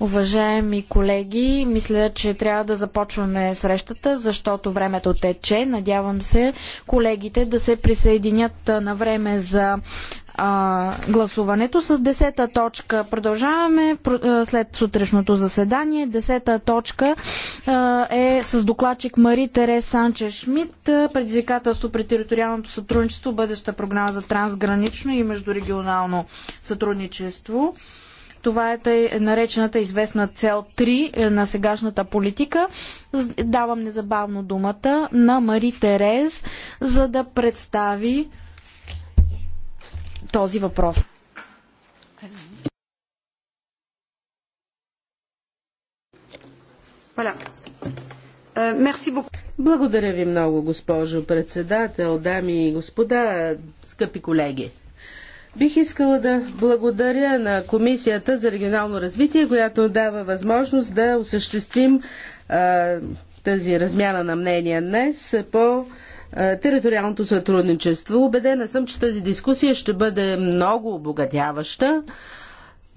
Уважаеми колеги, мисля, че трябва да започваме срещата, защото времето тече. Надявам се колегите да се присъединят на време за а, гласуването. С 10-та точка продължаваме след сутрешното заседание. 10-та точка а, е с докладчик Мари Терес Санче Шмидт. Предизвикателство при териториалното сътрудничество, бъдеща програма за трансгранично и междурегионално сътрудничество. Това е тъй наречената известна цел 3 е, на сегашната политика. Давам незабавно думата на Мари Терез, за да представи този въпрос. Euh, Благодаря ви много, госпожо председател, дами и господа, скъпи колеги. Бих искала да благодаря на Комисията за регионално развитие, която дава възможност да осъществим а, тази размяна на мнения днес по териториалното сътрудничество. Обедена съм, че тази дискусия ще бъде много обогатяваща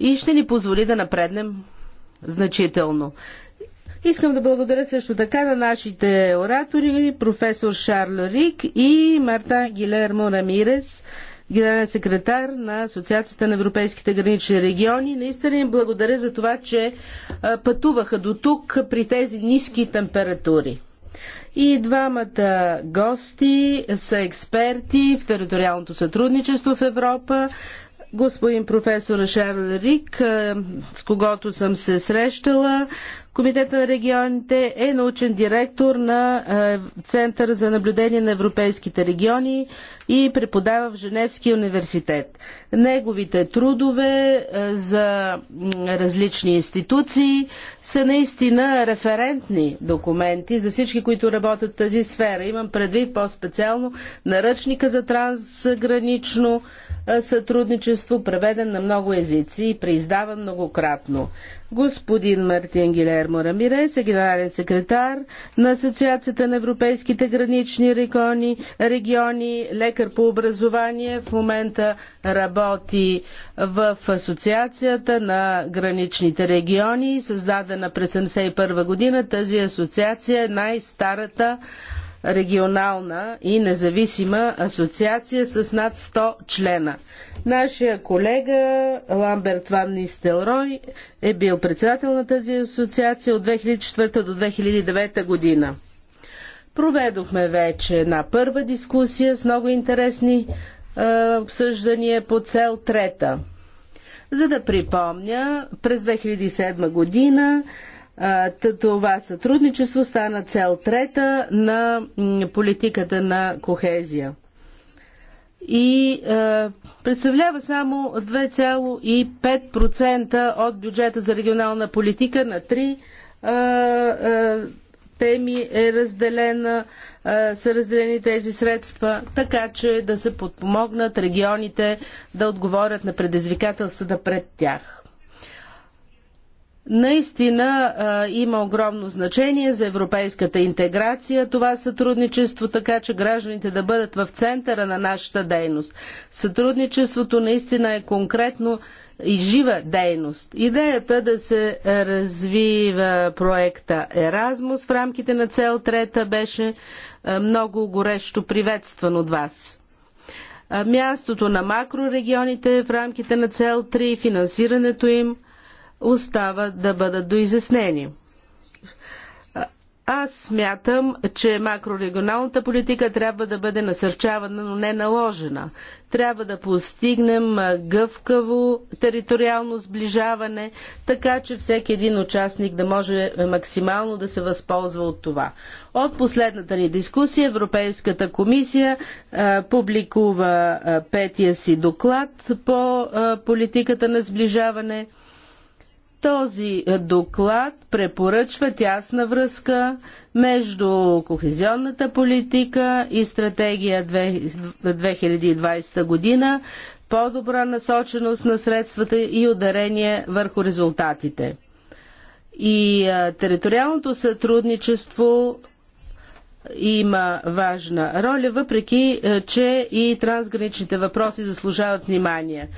и ще ни позволи да напреднем значително. Искам да благодаря също така на нашите оратори, професор Шарл Рик и Марта Гилермо Рамирес, генерален секретар на Асоциацията на европейските гранични региони. Наистина им благодаря за това, че пътуваха до тук при тези ниски температури. И двамата гости са експерти в териториалното сътрудничество в Европа. Господин професор Шарл Рик, с когото съм се срещала Комитета на регионите е научен директор на е, Центъра за наблюдение на европейските региони и преподава в Женевския университет. Неговите трудове е, за различни институции са наистина референтни документи за всички, които работят в тази сфера. Имам предвид по-специално наръчника за трансгранично сътрудничество, преведен на много езици и преиздаван многократно. Господин Мартин Гилермо Рамирес е генерален секретар на Асоциацията на европейските гранични региони, региони лекар по образование. В момента работи в Асоциацията на граничните региони, създадена през 1971 година. Тази асоциация е най-старата регионална и независима асоциация с над 100 члена. Нашия колега Ламберт Ван Нистелрой е бил председател на тази асоциация от 2004 до 2009 година. Проведохме вече една първа дискусия с много интересни е, обсъждания по цел трета. За да припомня, през 2007 година това сътрудничество стана цел трета на политиката на кохезия и е, представлява само 2,5% от бюджета за регионална политика на три е, е, теми е разделена, е, са разделени тези средства, така че да се подпомогнат регионите да отговорят на предизвикателствата пред тях. Наистина а, има огромно значение за европейската интеграция това сътрудничество, така че гражданите да бъдат в центъра на нашата дейност. Сътрудничеството наистина е конкретно и жива дейност. Идеята да се развива проекта Еразмус в рамките на цел трета беше много горещо приветстван от вас. Мястото на макрорегионите в рамките на цел 3, финансирането им – остава да бъдат доизяснени. Аз смятам, че макрорегионалната политика трябва да бъде насърчавана, но не наложена. Трябва да постигнем гъвкаво териториално сближаване, така че всеки един участник да може е, максимално да се възползва от това. От последната ни дискусия Европейската комисия а, публикува а, петия си доклад по а, политиката на сближаване – този доклад препоръчва тясна връзка между кохезионната политика и стратегия 2020 година, по-добра насоченост на средствата и ударение върху резултатите. И териториалното сътрудничество има важна роля, въпреки че и трансграничните въпроси заслужават внимание.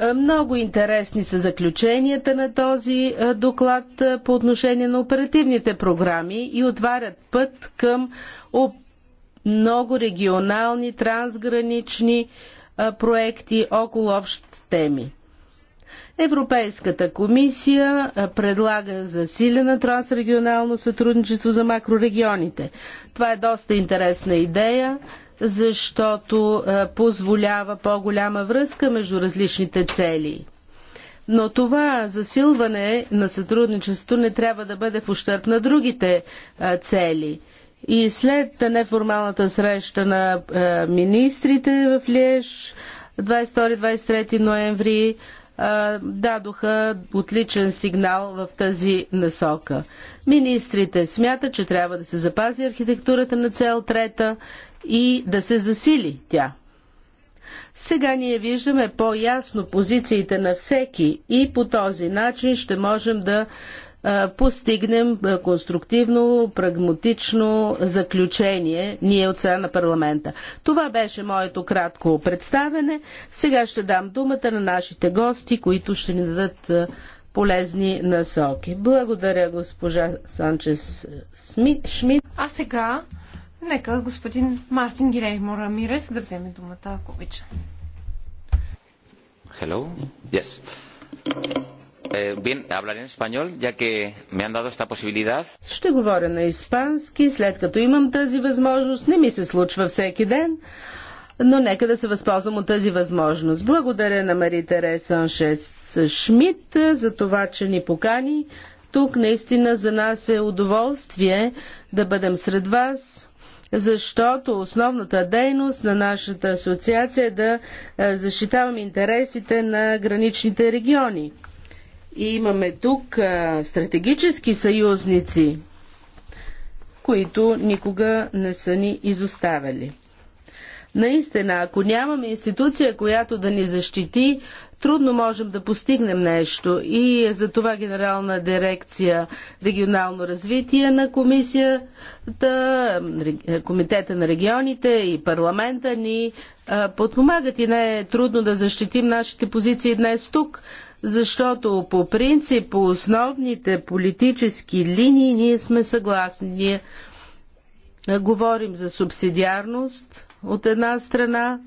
Е, много интересни са заключенията на този е, доклад е, по отношение на оперативните програми и отварят път към много регионални, трансгранични проекти около общи теми. Европейската комисия предлага засилена трансрегионално сътрудничество за макрорегионите. Това е доста интересна идея защото е, позволява по-голяма връзка между различните цели. Но това засилване на сътрудничеството не трябва да бъде в ущърп на другите е, цели. И след неформалната среща на е, министрите в Лиеж 22-23 ноември дадоха отличен сигнал в тази насока. Министрите смятат, че трябва да се запази архитектурата на цел трета и да се засили тя. Сега ние виждаме по-ясно позициите на всеки и по този начин ще можем да постигнем конструктивно, прагматично заключение ние от страна на парламента. Това беше моето кратко представене. Сега ще дам думата на нашите гости, които ще ни дадат полезни насоки. Благодаря, госпожа Санчес Шмидт. А сега Нека господин Мартин Гилеймо Рамирес да вземе думата, ако обича. Hello. Yes. Е, Ще говоря на испански, след като имам тази възможност. Не ми се случва всеки ден, но нека да се възползвам от тази възможност. Благодаря на Мари Терес Саншес Шмидт за това, че ни покани. Тук наистина за нас е удоволствие да бъдем сред вас защото основната дейност на нашата асоциация е да е, защитаваме интересите на граничните региони. И имаме тук е, стратегически съюзници, които никога не са ни изоставили. Наистина, ако нямаме институция, която да ни защити, трудно можем да постигнем нещо и е за това Генерална дирекция регионално развитие на комисията, Комитета на регионите и парламента ни подпомагат и не е трудно да защитим нашите позиции днес тук, защото по принцип, по основните политически линии ние сме съгласни. Ние говорим за субсидиарност от една страна,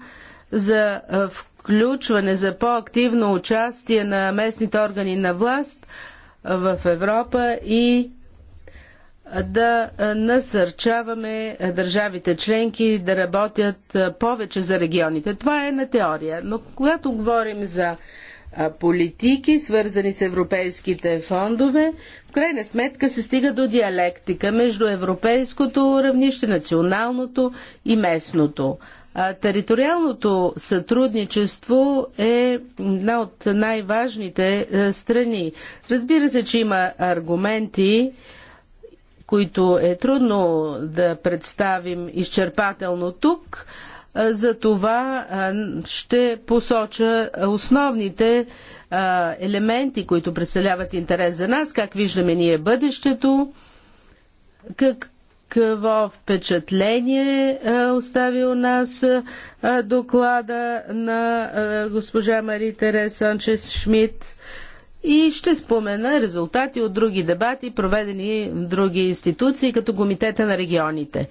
за включване, за по-активно участие на местните органи на власт в Европа и да насърчаваме държавите членки да работят повече за регионите. Това е на теория, но когато говорим за политики, свързани с европейските фондове, в крайна сметка се стига до диалектика между европейското равнище, националното и местното. Териториалното сътрудничество е една от най-важните е, страни. Разбира се, че има аргументи, които е трудно да представим изчерпателно тук. За това ще посоча основните елементи, които представляват интерес за нас, как виждаме ние бъдещето, как, какво впечатление е, остави у нас е, доклада на е, госпожа Мари Терес Санчес Шмидт и ще спомена резултати от други дебати, проведени в други институции, като Комитета на регионите.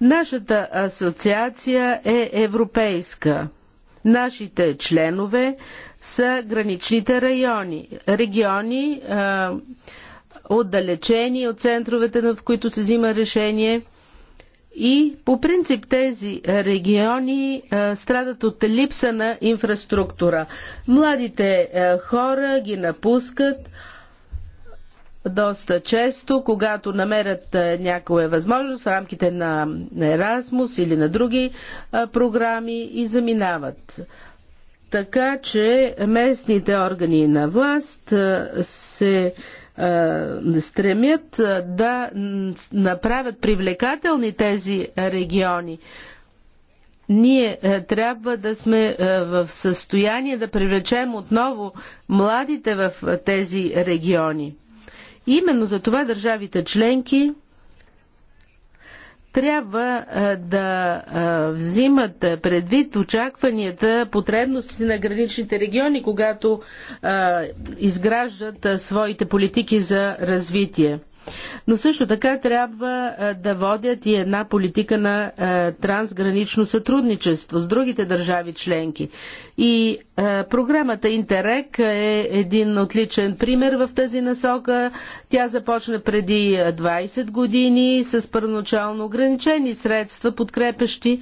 Нашата асоциация е европейска. Нашите членове са граничните райони, региони, отдалечени от центровете, в които се взима решение. И по принцип тези региони а, страдат от липса на инфраструктура. Младите а, хора ги напускат доста често, когато намерят някоя възможност в рамките на Erasmus или на други а, програми и заминават. Така че местните органи на власт а, се а, е, стремят е, да направят привлекателни тези региони. Ние е, трябва да сме в състояние да привлечем отново младите в тези региони. Именно за това държавите членки трябва да взимат предвид очакванията, потребностите на граничните региони, когато изграждат своите политики за развитие. Но също така трябва да водят и една политика на трансгранично сътрудничество с другите държави членки. И програмата Интерек е един отличен пример в тази насока. Тя започна преди 20 години с първоначално ограничени средства, подкрепещи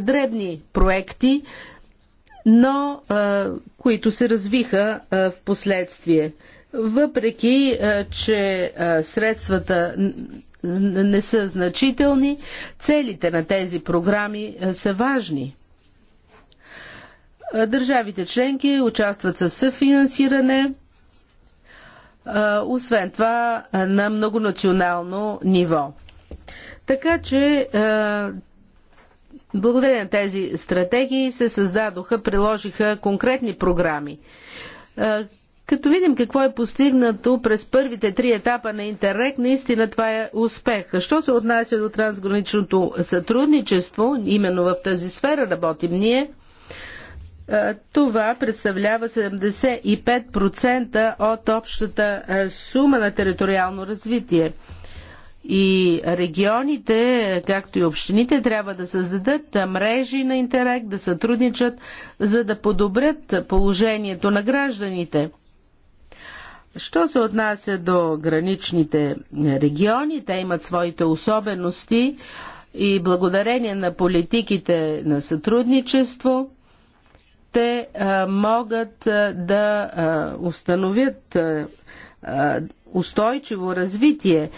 дребни проекти, но които се развиха в последствие. Въпреки, че средствата не са значителни, целите на тези програми са важни. Държавите членки участват със съфинансиране, освен това на многонационално ниво. Така че благодаря на тези стратегии се създадоха, приложиха конкретни програми като видим какво е постигнато през първите три етапа на Интеррек, наистина това е успех. Що се отнася до трансграничното сътрудничество, именно в тази сфера работим ние, е, това представлява 75% от общата е, сума на териториално развитие. И регионите, както и общините, трябва да създадат е, мрежи на интерект, да сътрудничат, за да подобрят положението на гражданите – Що се отнася до граничните региони, те имат своите особености и благодарение на политиките на сътрудничество, те а, могат а, да а, установят а, устойчиво развитие.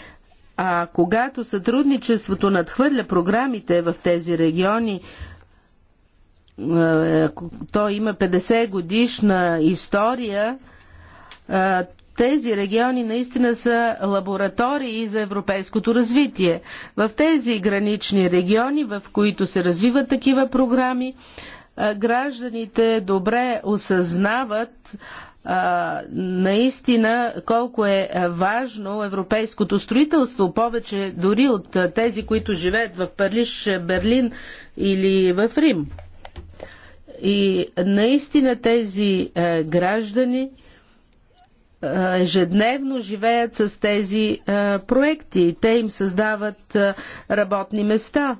А когато сътрудничеството надхвърля програмите в тези региони, то има 50 годишна история, тези региони наистина са лаборатории за европейското развитие. В тези гранични региони, в които се развиват такива програми, гражданите добре осъзнават наистина колко е важно европейското строителство, повече дори от тези, които живеят в Париж, Берлин или в Рим. И наистина тези граждани е, ежедневно живеят с тези е, проекти. Те им създават е, работни места.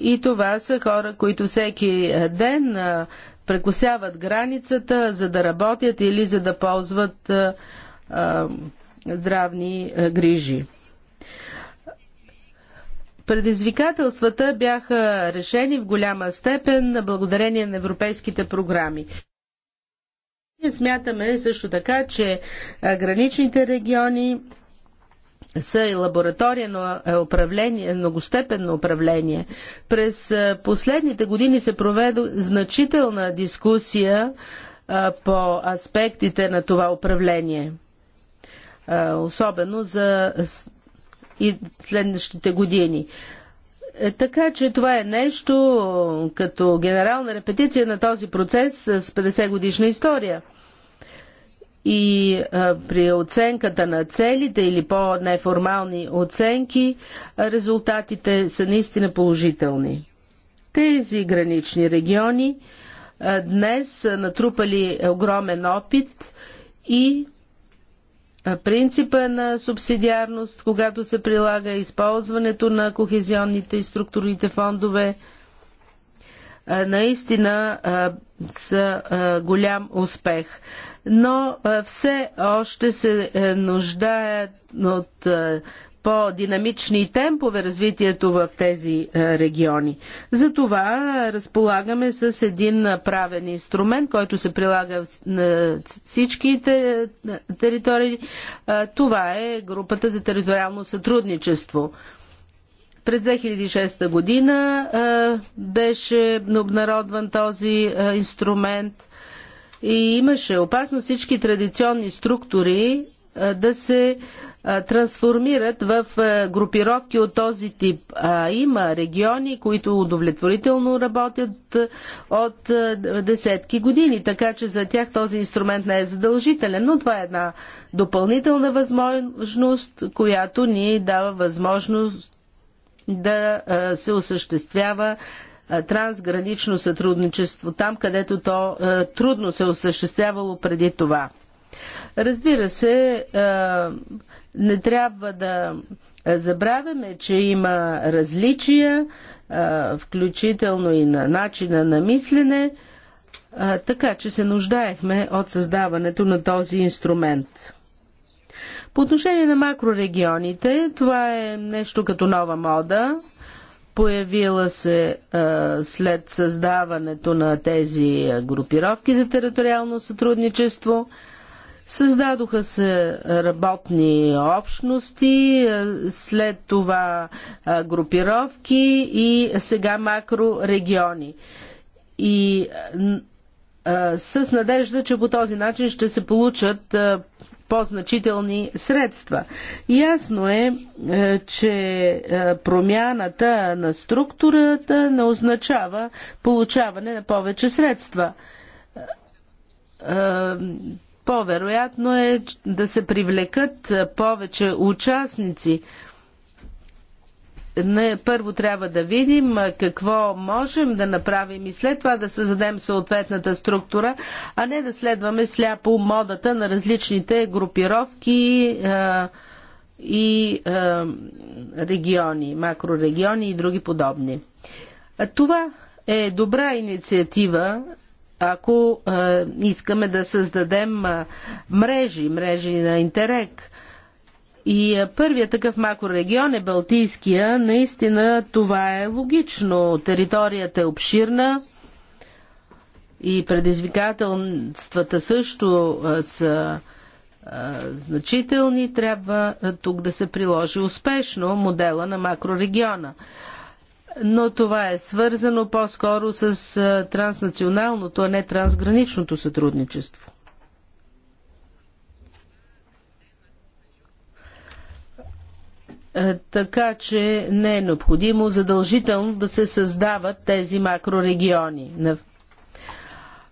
И това са хора, които всеки ден прекусяват границата, за да работят или за да ползват здравни грижи. Предизвикателствата бяха решени в голяма степен благодарение на европейските програми. Ние смятаме също така, че граничните региони са и лаборатория на е, управление, многостепенно управление. През последните години се проведе значителна дискусия по аспектите на това управление. особено за и следващите години. Е, така че това е нещо е, като генерална репетиция на този процес с 50 годишна история. И а, е, при оценката на целите или по-неформални оценки, резултатите са наистина положителни. Тези гранични региони а, днес са натрупали огромен опит и принципа на субсидиарност, когато се прилага използването на кохезионните и структурните фондове, наистина са голям успех. Но все още се е, нуждаят от по-динамични темпове развитието в тези е, региони. Затова разполагаме с един правен инструмент, който се прилага на всичките е, територии. Е, това е групата за териториално сътрудничество. През 2006 година беше обнародван този инструмент и имаше опасно всички традиционни структури да се трансформират в групировки от този тип. А има региони, които удовлетворително работят от десетки години, така че за тях този инструмент не е задължителен, но това е една допълнителна възможност, която ни дава възможност да се осъществява трансгранично сътрудничество там, където то трудно се осъществявало преди това. Разбира се, не трябва да забравяме, че има различия, включително и на начина на мислене, така че се нуждаехме от създаването на този инструмент. По отношение на макрорегионите, това е нещо като нова мода, появила се а, след създаването на тези групировки за териториално сътрудничество – Създадоха се работни общности, след това групировки и сега макрорегиони. И с надежда, че по този начин ще се получат по-значителни средства. Ясно е, че промяната на структурата не означава получаване на повече средства по-вероятно е да се привлекат повече участници. Не, първо трябва да видим какво можем да направим и след това да създадем съответната структура, а не да следваме сляпо модата на различните групировки а, и а, региони, макрорегиони и други подобни. А това е добра инициатива ако искаме да създадем мрежи, мрежи на интерек. И първият такъв макрорегион е Балтийския. Наистина това е логично. Територията е обширна и предизвикателствата също са значителни. Трябва тук да се приложи успешно модела на макрорегиона но това е свързано по-скоро с транснационалното, а не трансграничното сътрудничество. Така че не е необходимо задължително да се създават тези макрорегиони.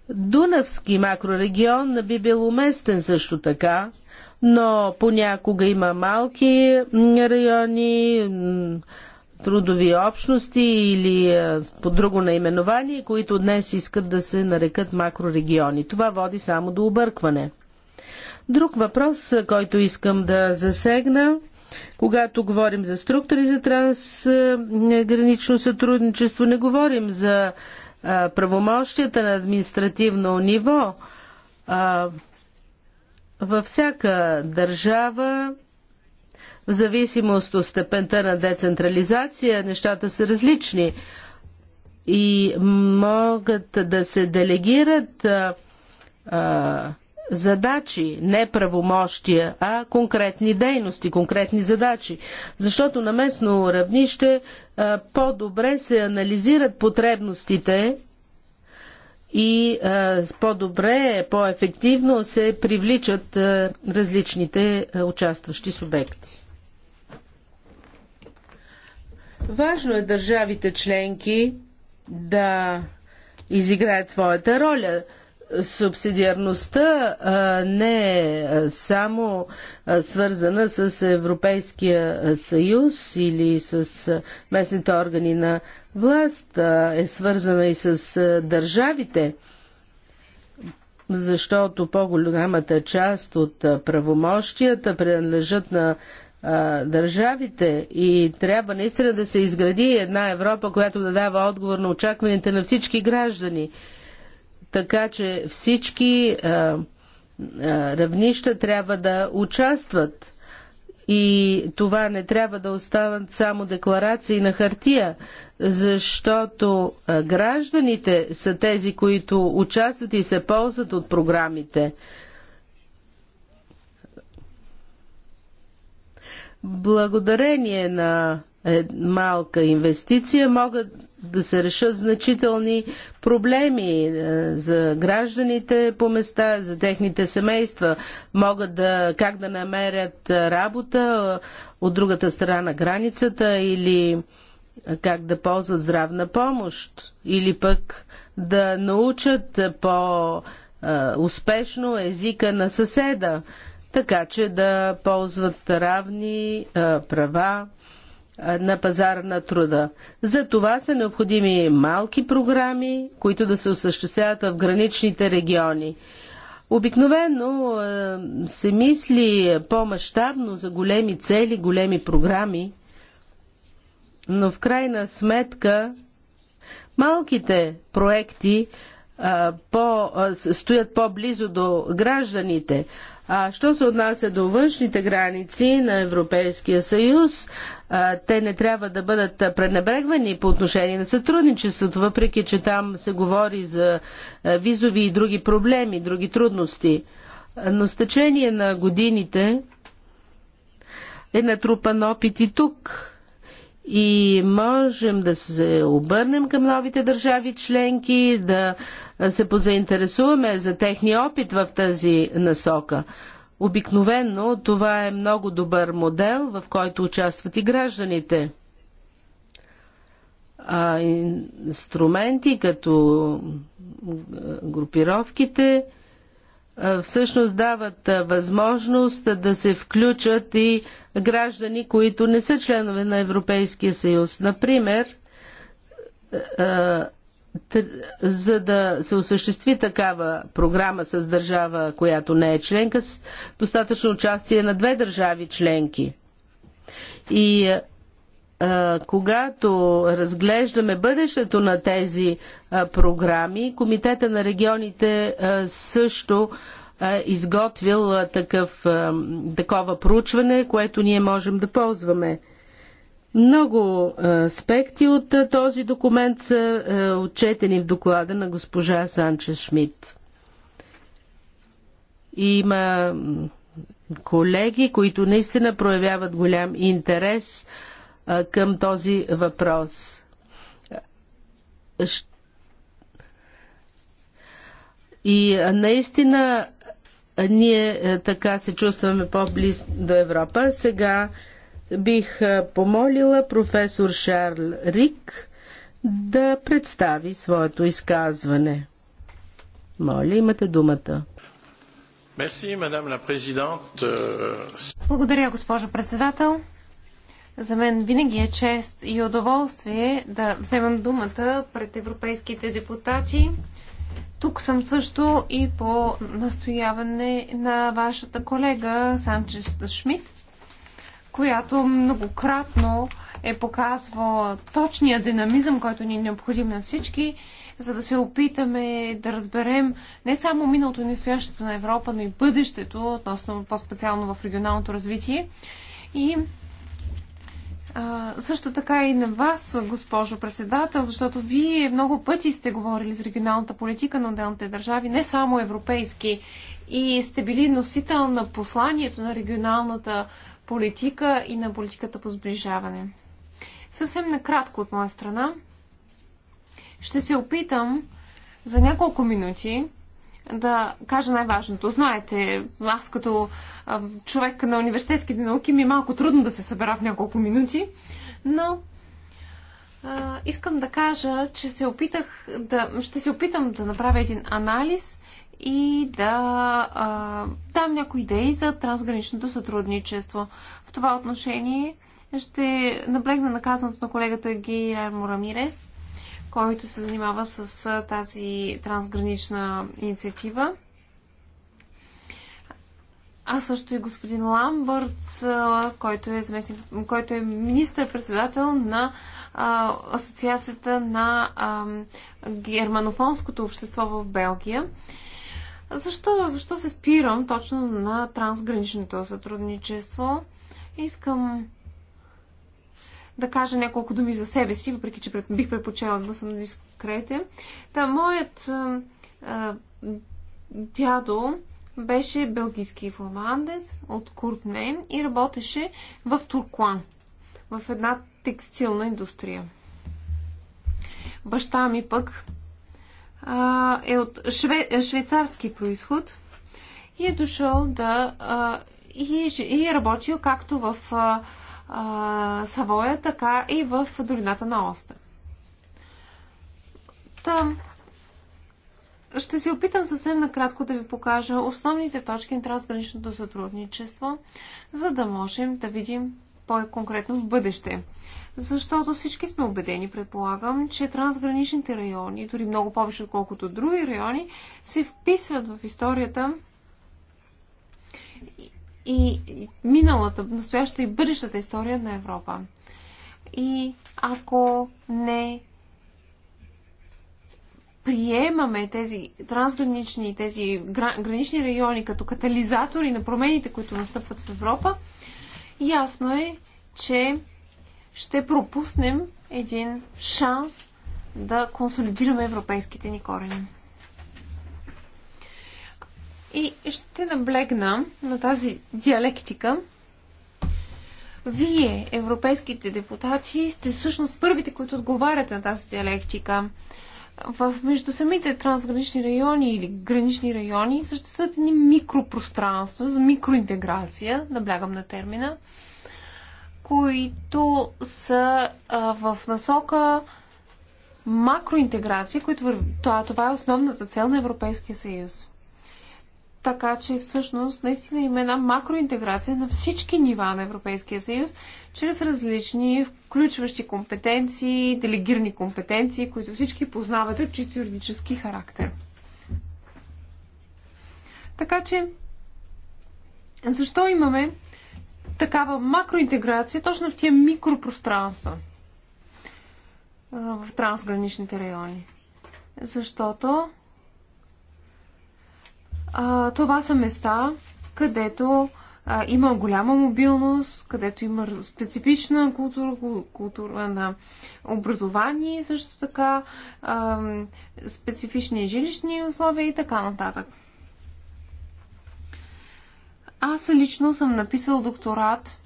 Дунавски макрорегион би бил уместен също така, но понякога има малки райони, трудови общности или е, по друго наименование, които днес искат да се нарекат макрорегиони. Това води само до объркване. Друг въпрос, е, който искам да засегна, когато говорим за структури за трансгранично сътрудничество, не говорим за е, правомощията на административно ниво. Във всяка държава в зависимост от степента на децентрализация, нещата са различни и могат да се делегират а, а, задачи, не правомощия, а конкретни дейности, конкретни задачи. Защото на местно равнище по-добре се анализират потребностите и по-добре, по-ефективно се привличат а, различните а, участващи субекти. Важно е държавите членки да изиграят своята роля. Субсидиарността не е само свързана с Европейския съюз или с местните органи на власт, е свързана и с държавите защото по-голямата част от правомощията принадлежат на държавите и трябва наистина да се изгради една Европа, която да дава отговор на очакваните на всички граждани. Така че всички а, а, равнища трябва да участват и това не трябва да остават само декларации на хартия, защото гражданите са тези, които участват и се ползват от програмите. Благодарение на е, малка инвестиция могат да се решат значителни проблеми е, за гражданите по места, за техните семейства. Могат да, как да намерят работа е, от другата страна на границата или как да ползват здравна помощ или пък да научат по-успешно езика на съседа така че да ползват равни права на пазара на труда. За това са необходими малки програми, които да се осъществяват в граничните региони. Обикновено се мисли по-масштабно за големи цели, големи програми, но в крайна сметка малките проекти по, стоят по-близо до гражданите. А що се отнася до външните граници на Европейския съюз, те не трябва да бъдат пренебрегвани по отношение на сътрудничеството, въпреки че там се говори за визови и други проблеми, други трудности. Но с течение на годините е натрупан опит и тук и можем да се обърнем към новите държави членки, да се позаинтересуваме за техния опит в тази насока. Обикновенно това е много добър модел, в който участват и гражданите. А инструменти като групировките, всъщност дават възможност да се включат и граждани, които не са членове на Европейския съюз. Например, за да се осъществи такава програма с държава, която не е членка, с достатъчно участие на две държави членки. И когато разглеждаме бъдещето на тези програми, Комитета на регионите също изготвил такъв, такова проучване, което ние можем да ползваме. Много аспекти от този документ са отчетени в доклада на госпожа Санчес Шмидт. Има колеги, които наистина проявяват голям интерес към този въпрос. И наистина ние така се чувстваме по-близо до Европа. Сега бих помолила професор Шарл Рик да представи своето изказване. Моля, имате думата. Благодаря, госпожо председател. За мен винаги е чест и удоволствие да вземам думата пред европейските депутати. Тук съм също и по настояване на вашата колега Санчес Шмидт, която многократно е показвала точния динамизъм, който ни е необходим на всички, за да се опитаме да разберем не само миналото и настоящето на Европа, но и бъдещето, относно по-специално в регионалното развитие. И а, също така и на вас, госпожо председател, защото вие много пъти сте говорили за регионалната политика на отделните държави, не само европейски, и сте били носител на посланието на регионалната политика и на политиката по сближаване. Съвсем накратко от моя страна ще се опитам за няколко минути да кажа най-важното. Знаете, аз като човек на университетските науки ми е малко трудно да се събера в няколко минути, но а, искам да кажа, че се опитах да, ще се опитам да направя един анализ и да а, дам някои идеи за трансграничното сътрудничество. В това отношение ще наблегна наказаното на колегата Гиермо Рамирес който се занимава с тази трансгранична инициатива. А също и господин Ламбъртс, който е, който е министър-председател на а, Асоциацията на а, германофонското общество в Белгия. Защо, защо се спирам точно на трансграничното сътрудничество? Искам да кажа няколко думи за себе си, въпреки че бих предпочела да съм дискретен. Та, моят а, а, дядо беше белгийски фламандец от Куртне и работеше в Турклан, в една текстилна индустрия. Баща ми пък а, е от шве, е швейцарски происход и е дошъл да а, и, и е работил както в а, Савоя, така и в долината на Оста. Там ще се опитам съвсем накратко да ви покажа основните точки на трансграничното сътрудничество, за да можем да видим по-конкретно в бъдеще. Защото всички сме убедени, предполагам, че трансграничните райони, дори много повече отколкото други райони, се вписват в историята и миналата, настояща и бъдещата история на Европа. И ако не приемаме тези трансгранични, тези гранични райони като катализатори на промените, които настъпват в Европа, ясно е, че ще пропуснем един шанс да консолидираме европейските ни корени. И ще наблегна на тази диалектика. Вие, европейските депутати, сте всъщност първите, които отговаряте на тази диалектика. В между самите трансгранични райони или гранични райони съществуват едни микропространства за микроинтеграция, наблягам на термина, които са а, в насока макроинтеграция, които това, това е основната цел на Европейския съюз. Така че всъщност наистина има една макроинтеграция на всички нива на Европейския съюз, чрез различни включващи компетенции, делегирани компетенции, които всички познават от чисто юридически характер. Така че, защо имаме такава макроинтеграция точно в тия микропространства в трансграничните райони? Защото а, това са места, където а, има голяма мобилност, където има специфична култура, култура на образование, също така а, специфични жилищни условия и така нататък. Аз лично съм написал докторат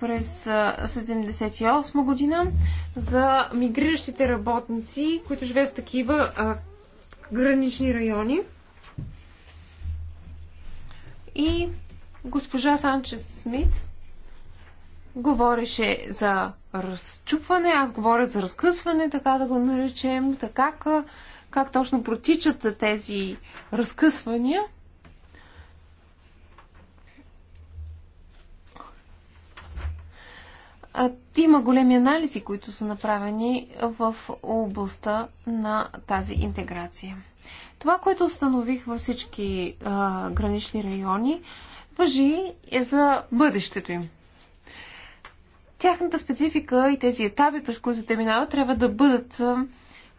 през 1978 година за мигриращите работници, които живеят в такива а, гранични райони – и госпожа Санчес Смит говореше за разчупване, аз говоря за разкъсване, така да го наречем, така как, точно протичат тези разкъсвания. има големи анализи, които са направени в областта на тази интеграция. Това, което установих във всички а, гранични райони, въжи е за бъдещето им. Тяхната специфика и тези етапи, през които те минават, трябва да бъдат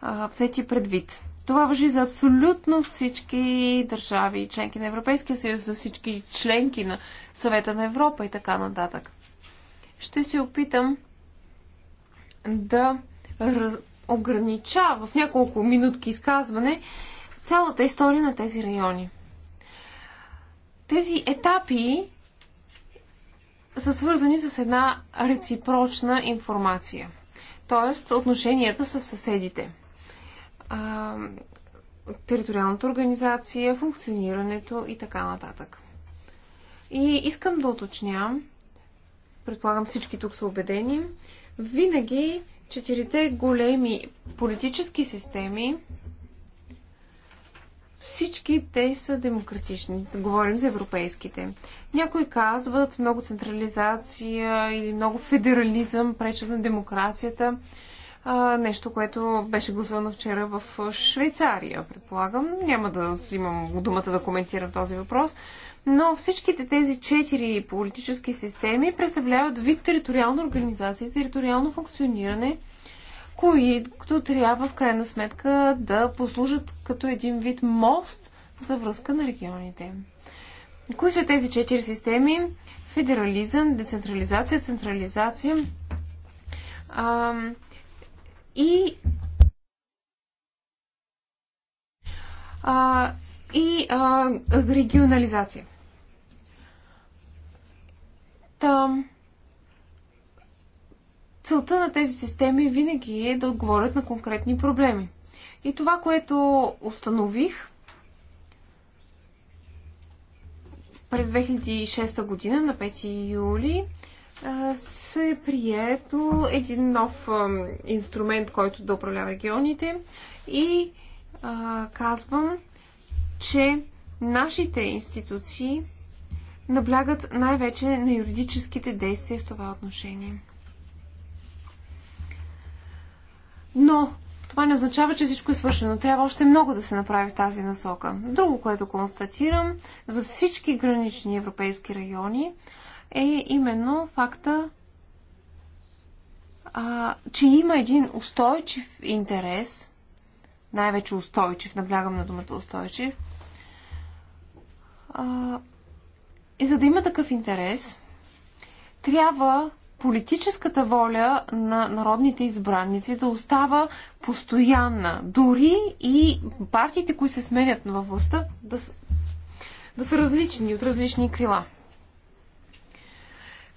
а, взети предвид. Това въжи за абсолютно всички държави, членки на Европейския съюз, за всички членки на Съвета на Европа и така нататък. Ще се опитам да огранича в няколко минутки изказване цялата история на тези райони. Тези етапи са свързани с една реципрочна информация, т.е. отношенията с съседите. А, териториалната организация, функционирането и така нататък. И искам да уточням, предполагам всички тук са убедени, винаги четирите големи политически системи всички те са демократични. Говорим за европейските. Някои казват много централизация или много федерализъм пречат на демокрацията. А, нещо, което беше гласувано вчера в Швейцария, предполагам. Няма да имам думата да коментирам този въпрос. Но всичките тези четири политически системи представляват вид териториална организация, териториално функциониране – които трябва в крайна сметка да послужат като един вид мост за връзка на регионите. Кои са тези четири системи? Федерализъм, децентрализация, централизация а, и а, и а, регионализация. Там целта на тези системи винаги е да отговорят на конкретни проблеми. И това, което установих през 2006 година, на 5 юли, се е прието един нов инструмент, който да управлява регионите и казвам, че нашите институции наблягат най-вече на юридическите действия в това отношение. Но това не означава, че всичко е свършено. Трябва още много да се направи в тази насока. Друго, което констатирам за всички гранични европейски райони е именно факта, а, че има един устойчив интерес, най-вече устойчив, наблягам на думата устойчив, а, и за да има такъв интерес, трябва политическата воля на народните избранници да остава постоянна. Дори и партиите, които се сменят във властта, да, да са различни от различни крила.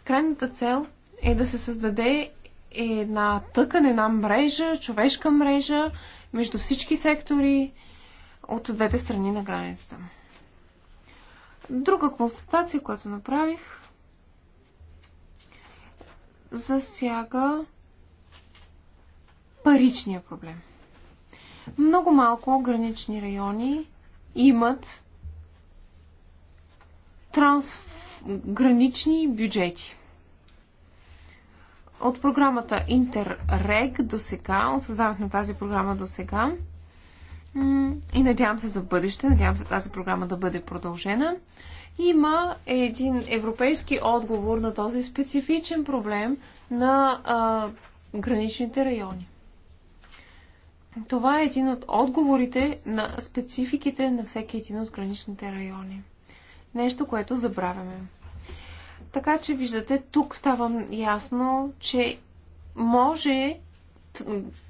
Крайната цел е да се създаде една тъкан, една мрежа, човешка мрежа между всички сектори от двете страни на границата. Друга констатация, която направих, засяга паричния проблем. Много малко гранични райони имат трансгранични бюджети. От програмата Интеррег до сега, от създаването на тази програма до сега, и надявам се за бъдеще, надявам се тази програма да бъде продължена, има един европейски отговор на този специфичен проблем на а, граничните райони. Това е един от отговорите на спецификите на всеки един от граничните райони. Нещо, което забравяме. Така че виждате, тук става ясно, че може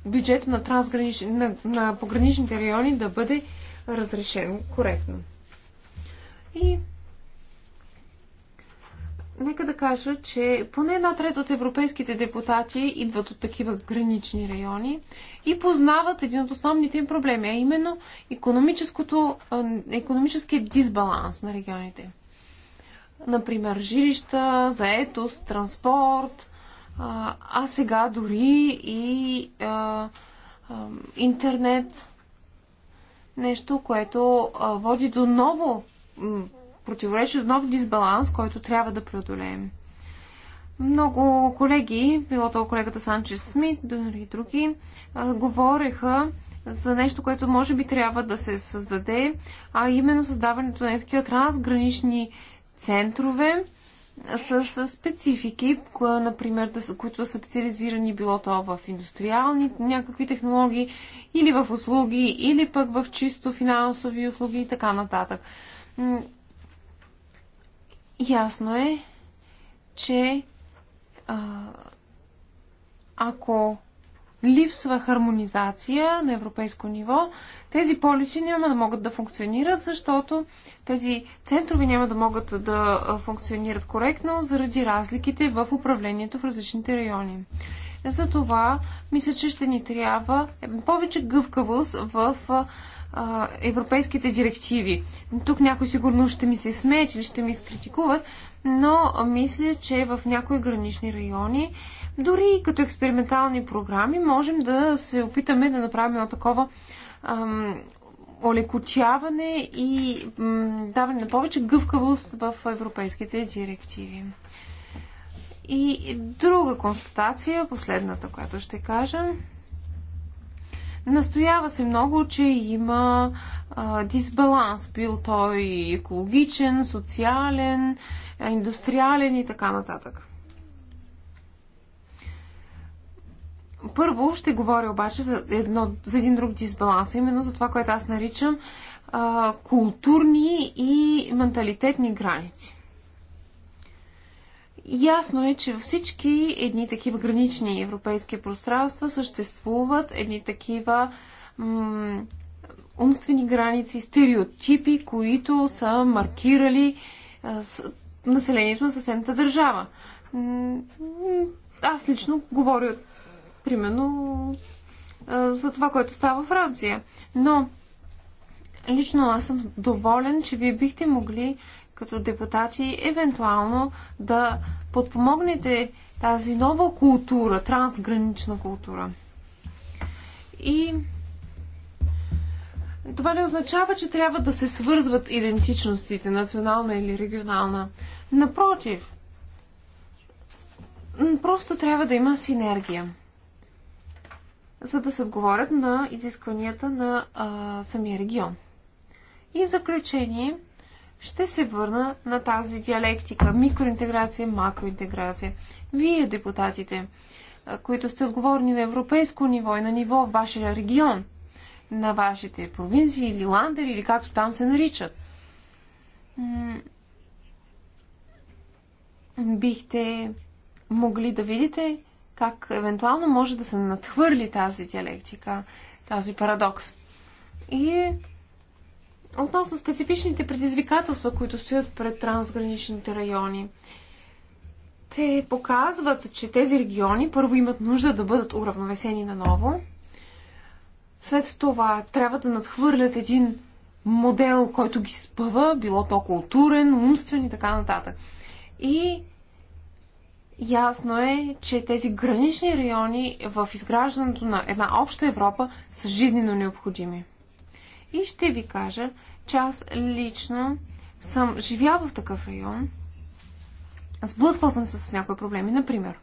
бюджет на, трансгранич... на, на пограничните райони да бъде разрешен коректно. И нека да кажа, че поне една трета от европейските депутати идват от такива гранични райони и познават един от основните им проблеми, а именно економическият дисбаланс на регионите. Например, жилища, заетост, транспорт, а сега дори и а, а, интернет. Нещо, което води до ново противоречие, нов дисбаланс, който трябва да преодолеем. Много колеги, било то колегата Санчес Смит, дори и други, говореха за нещо, което може би трябва да се създаде, а именно създаването на такива трансгранични центрове с, специфики, например, които са специализирани било то в индустриални някакви технологии или в услуги, или пък в чисто финансови услуги и така нататък. Ясно е, че а, ако липсва хармонизация на европейско ниво, тези полиси няма да могат да функционират, защото тези центрови няма да могат да функционират коректно заради разликите в управлението в различните райони. Затова мисля, че ще ни трябва повече гъвкавост в а, европейските директиви. Тук някой сигурно ще ми се смеят или ще ми изкритикуват, но мисля, че в някои гранични райони, дори като експериментални програми, можем да се опитаме да направим едно такова ам, олекотяване и м, даване на повече гъвкавост в европейските директиви. И друга констатация, последната, която ще кажа, Настоява се много, че има а, дисбаланс, бил той екологичен, социален, индустриален и така нататък. Първо ще говоря обаче за, едно, за един друг дисбаланс, именно за това, което аз наричам а, културни и менталитетни граници. Ясно е, че във всички едни такива гранични европейски пространства съществуват едни такива умствени граници, стереотипи, които са маркирали с, населението на съседната държава. аз лично говоря, примерно, за това, което става в Франция. Но лично аз съм доволен, че вие бихте могли като депутати, евентуално да подпомогнете тази нова култура, трансгранична култура. И това не означава, че трябва да се свързват идентичностите, национална или регионална. Напротив, просто трябва да има синергия, за да се отговорят на изискванията на а, самия регион. И в заключение, ще се върна на тази диалектика микроинтеграция, макроинтеграция. Вие, депутатите, които сте отговорни на европейско ниво и на ниво в вашия регион, на вашите провинции или ландери, или както там се наричат, бихте могли да видите как евентуално може да се надхвърли тази диалектика, тази парадокс. И относно специфичните предизвикателства, които стоят пред трансграничните райони. Те показват, че тези региони първо имат нужда да бъдат уравновесени наново, след това трябва да надхвърлят един модел, който ги спъва, било то културен, умствен и така нататък. И ясно е, че тези гранични райони в изграждането на една обща Европа са жизненно необходими. И ще ви кажа, че аз лично съм живял в такъв район. Сблъсквал съм се с някои проблеми, например.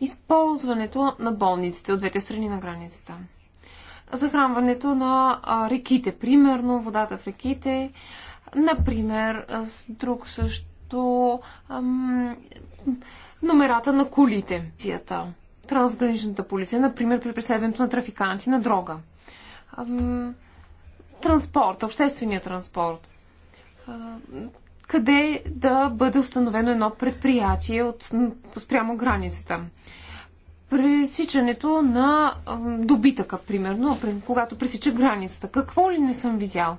Използването на болниците от двете страни на границата. Захранването на реките, примерно водата в реките, например с друг също ам, номерата на колите трансграничната полиция, например при преследването на трафиканти на дрога. Транспорт, обществения транспорт. Къде да бъде установено едно предприятие от, спрямо границата. Пресичането на добитъка, примерно, когато пресича границата. Какво ли не съм видял?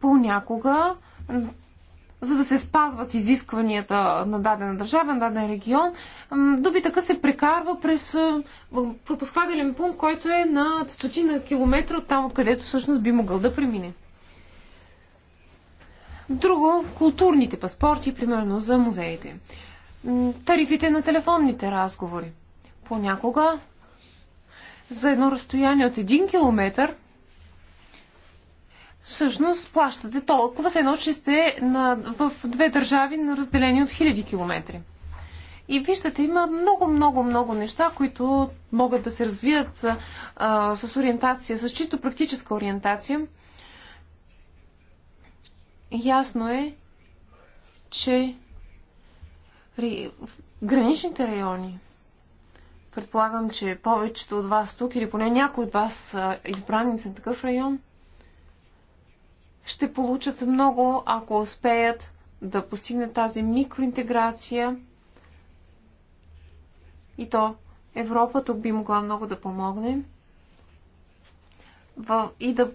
Понякога за да се спазват изискванията на дадена държава, на даден регион, добитъка се прекарва през пропускателен пункт, който е на стотина километра от там, откъдето всъщност би могъл да премине. Друго, културните паспорти, примерно за музеите. Тарифите на телефонните разговори. Понякога за едно разстояние от 1 километър всъщност плащате толкова, се едно, че сте на, в две държави на разделени от хиляди километри. И виждате, има много, много, много неща, които могат да се развият а, с ориентация, с чисто практическа ориентация. Ясно е, че граничните райони, предполагам, че повечето от вас тук или поне някои от вас избрани на е такъв район – ще получат много, ако успеят да постигнат тази микроинтеграция. И то Европа тук би могла много да помогне. И да,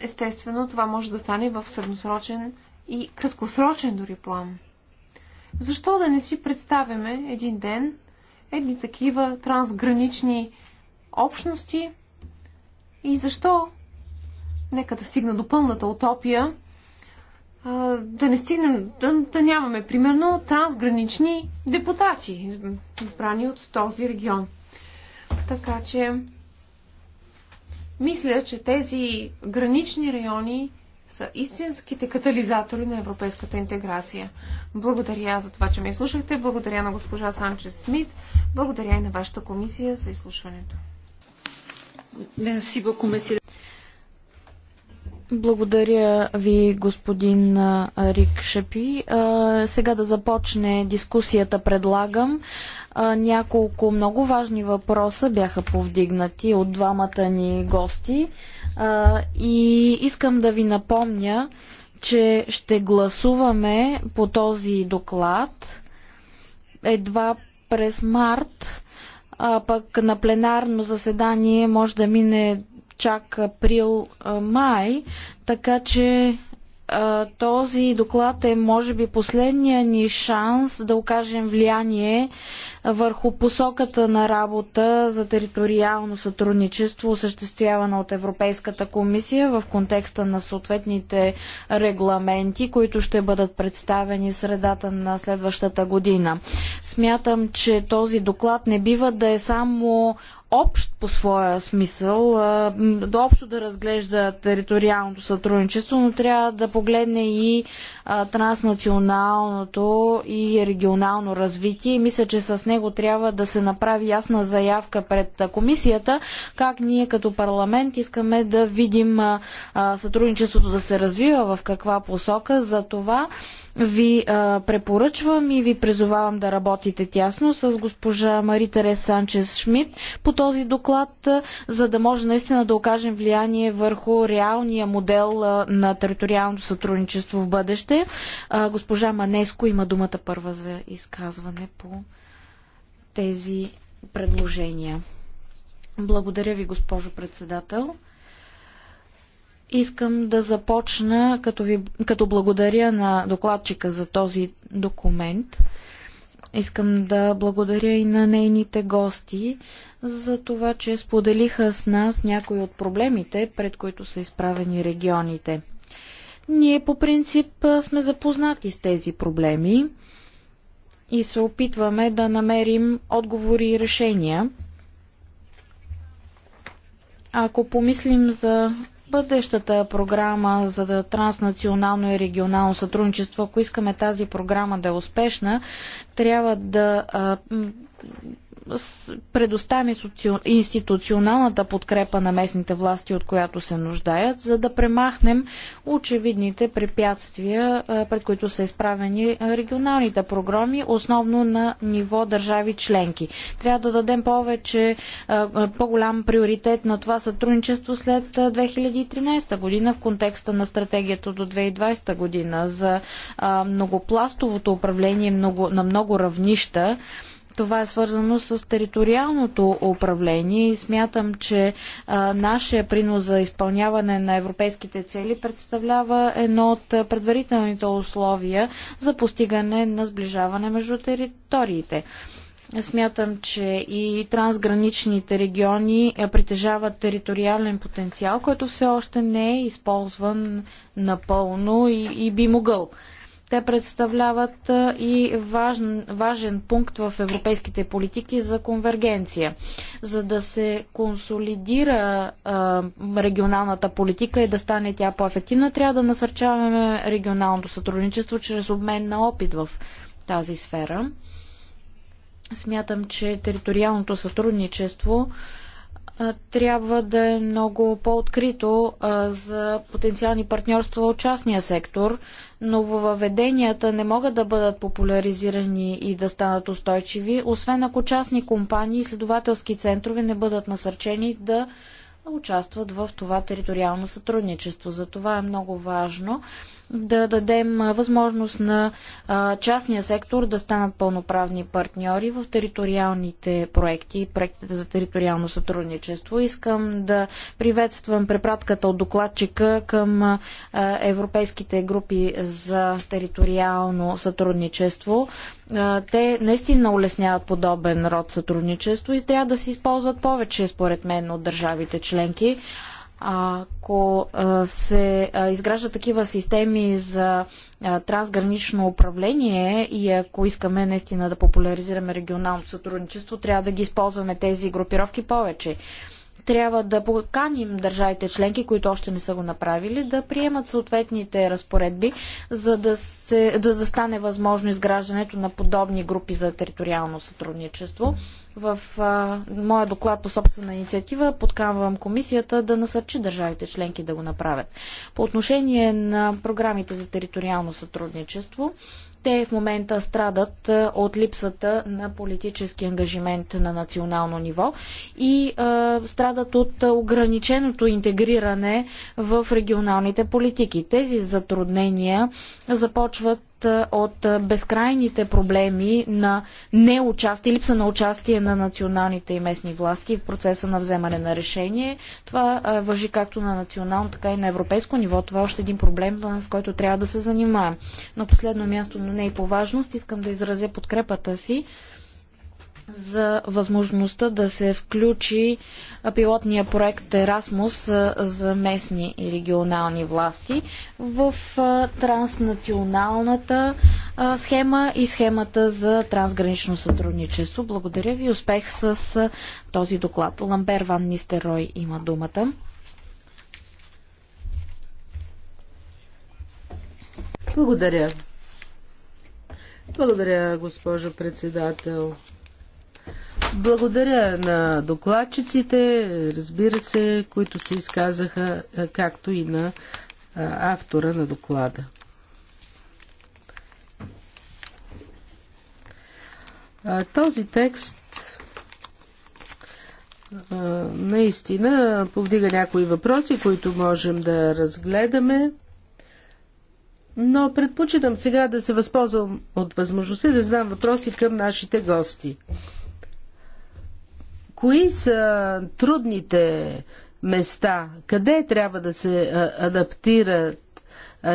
естествено, това може да стане в средносрочен и краткосрочен дори план. Защо да не си представяме един ден едни такива трансгранични общности и защо нека да стигна до пълната утопия, да не стигнем, да, да нямаме, примерно, трансгранични депутати, избрани от този регион. Така че, мисля, че тези гранични райони са истинските катализатори на европейската интеграция. Благодаря за това, че ме изслушахте. Благодаря на госпожа Санчес Смит. Благодаря и на вашата комисия за изслушването. Merci beaucoup, благодаря ви, господин Рик Шепи. Сега да започне дискусията, предлагам. Няколко много важни въпроса бяха повдигнати от двамата ни гости. И искам да ви напомня, че ще гласуваме по този доклад едва през март, а пък на пленарно заседание може да мине чак април-май, така че този доклад е, може би, последния ни шанс да окажем влияние върху посоката на работа за териториално сътрудничество, осъществявано от Европейската комисия в контекста на съответните регламенти, които ще бъдат представени средата на следващата година. Смятам, че този доклад не бива да е само общ по своя смисъл, да общо да разглежда териториалното сътрудничество, но трябва да погледне и транснационалното и регионално развитие. мисля, че с него трябва да се направи ясна заявка пред комисията, как ние като парламент искаме да видим сътрудничеството да се развива в каква посока. За това ви а, препоръчвам и ви призовавам да работите тясно с госпожа Мари Терес Санчес Шмидт по този доклад, а, за да може наистина да окажем влияние върху реалния модел а, на териториалното сътрудничество в бъдеще. А, госпожа Манеско има думата първа за изказване по тези предложения. Благодаря ви, госпожо председател. Искам да започна, като, ви, като благодаря на докладчика за този документ. Искам да благодаря и на нейните гости за това, че споделиха с нас някои от проблемите, пред които са изправени регионите. Ние по принцип сме запознати с тези проблеми и се опитваме да намерим отговори и решения. Ако помислим за бъдещата програма за да транснационално и регионално сътрудничество, ако искаме тази програма да е успешна, трябва да предоставим институционалната подкрепа на местните власти, от която се нуждаят, за да премахнем очевидните препятствия, пред които са изправени регионалните програми, основно на ниво държави членки. Трябва да дадем повече, по-голям приоритет на това сътрудничество след 2013 година в контекста на стратегията до 2020 година за многопластовото управление на много равнища това е свързано с териториалното управление и смятам, че а, нашия принос за изпълняване на европейските цели представлява едно от предварителните условия за постигане на сближаване между териториите. Смятам, че и трансграничните региони притежават териториален потенциал, който все още не е използван напълно и, и би могъл те представляват и важен, важен пункт в европейските политики за конвергенция. За да се консолидира регионалната политика и да стане тя по-ефективна, трябва да насърчаваме регионалното сътрудничество чрез обмен на опит в тази сфера. Смятам, че териториалното сътрудничество трябва да е много по-открито за потенциални партньорства от частния сектор, но въведенията не могат да бъдат популяризирани и да станат устойчиви, освен ако частни компании и следователски центрове не бъдат насърчени да участват в това териториално сътрудничество. За това е много важно да дадем възможност на частния сектор да станат пълноправни партньори в териториалните проекти и проектите за териториално сътрудничество. Искам да приветствам препратката от докладчика към европейските групи за териториално сътрудничество. Те наистина улесняват подобен род сътрудничество и трябва да се използват повече, според мен, от държавите членки. Ако се изграждат такива системи за трансгранично управление и ако искаме наистина да популяризираме регионалното сътрудничество, трябва да ги използваме тези групировки повече трябва да поканим държавите членки, които още не са го направили, да приемат съответните разпоредби, за да, се, да, да стане възможно изграждането на подобни групи за териториално сътрудничество. В а, моя доклад по собствена инициатива подканвам комисията да насърчи държавите членки да го направят. По отношение на програмите за териториално сътрудничество, те в момента страдат е, от липсата на политически ангажимент на национално ниво и е, страдат от ограниченото интегриране в регионалните политики. Тези затруднения започват е, от безкрайните проблеми на неучастие, липса на участие на националните и местни власти в процеса на вземане на решение. Това е, въжи както на национално, така и на европейско ниво. Това е още един проблем, с който трябва да се занимаем. На последно място, но не и по важност, искам да изразя подкрепата си за възможността да се включи пилотния проект Ерасмус за местни и регионални власти в транснационалната схема и схемата за трансгранично сътрудничество. Благодаря ви. Успех с този доклад. Ламбер Ван Нистерой има думата. Благодаря. Благодаря, госпожо председател. Благодаря на докладчиците, разбира се, които се изказаха, както и на автора на доклада. Този текст наистина повдига някои въпроси, които можем да разгледаме. Но предпочитам сега да се възползвам от възможността да задам въпроси към нашите гости. Кои са трудните места? Къде трябва да се адаптират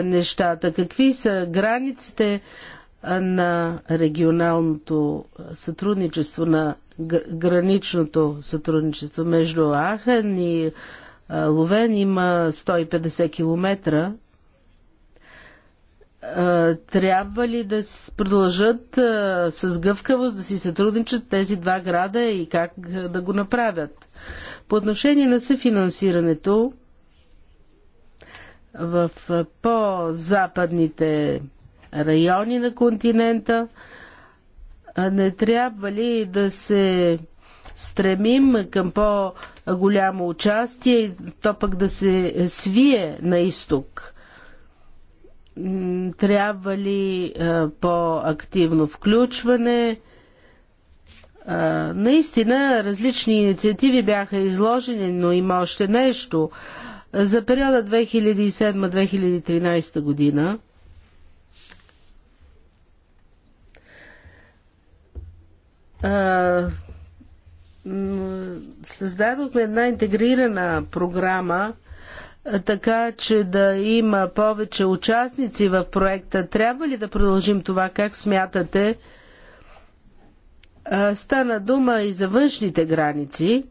нещата? Какви са границите на регионалното сътрудничество, на граничното сътрудничество между Ахен и Ловен? Има 150 км трябва ли да продължат с гъвкавост да си сътрудничат тези два града и как да го направят? По отношение на съфинансирането, в по-западните райони на континента, не трябва ли да се стремим към по-голямо участие, то пък да се свие на изток? трябва ли по-активно включване? Наистина различни инициативи бяха изложени, но има още нещо. За периода 2007-2013 година създадохме една интегрирана програма така че да има повече участници в проекта. Трябва ли да продължим това? Как смятате? Стана дума и за външните граници.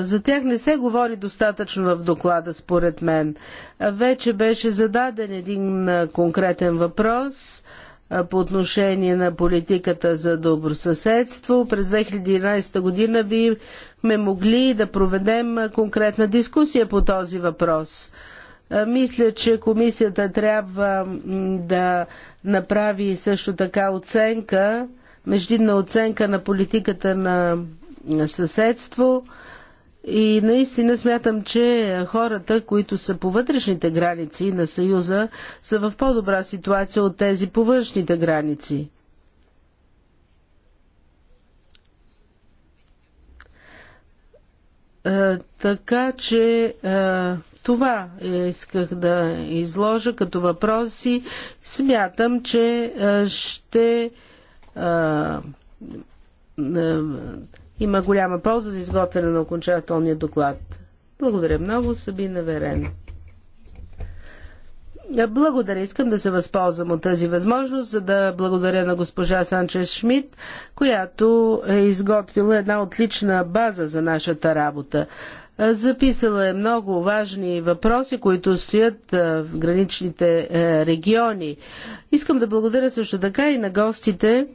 За тях не се говори достатъчно в доклада, според мен. Вече беше зададен един конкретен въпрос – по отношение на политиката за добросъседство. През 2011 година бихме могли да проведем конкретна дискусия по този въпрос. Мисля, че комисията трябва да направи също така оценка, междинна оценка на политиката на съседство – и наистина смятам, че хората, които са по вътрешните граници на Съюза, са в по-добра ситуация от тези по външните граници. Е, така че е, това исках да изложа като въпроси. Смятам, че е, ще има голяма полза за изготвяне на окончателния доклад. Благодаря много, Сабина Верен. Е, благодаря. Искам да се възползвам от тази възможност, за да благодаря на госпожа Санчес Шмидт, която е изготвила една отлична база за нашата работа. Е, записала е много важни въпроси, които стоят е, в граничните региони. Искам да благодаря също така и на гостите,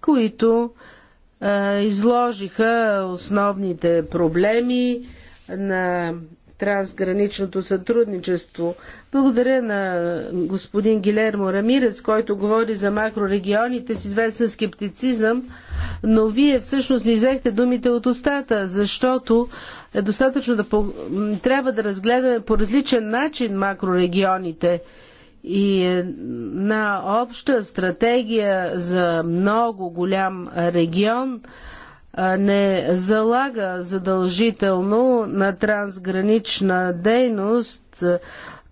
които изложиха основните проблеми на трансграничното сътрудничество. Благодаря на господин Гилермо Рамирес, който говори за макрорегионите с известен скептицизъм, но вие всъщност ни взехте думите от устата, защото е достатъчно да по... трябва да разгледаме по различен начин макрорегионите и една обща стратегия за много голям регион не залага задължително на трансгранична дейност.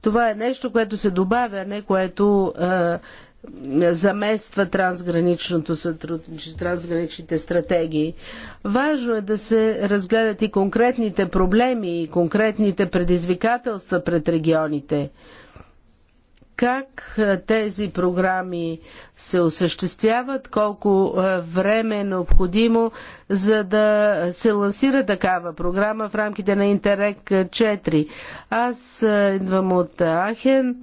Това е нещо, което се добавя, не което замества трансграничното сътрудничество, трансграничните стратегии. Важно е да се разгледат и конкретните проблеми и конкретните предизвикателства пред регионите как тези програми се осъществяват, колко време е необходимо, за да се лансира такава програма в рамките на Интерек 4. Аз идвам от Ахен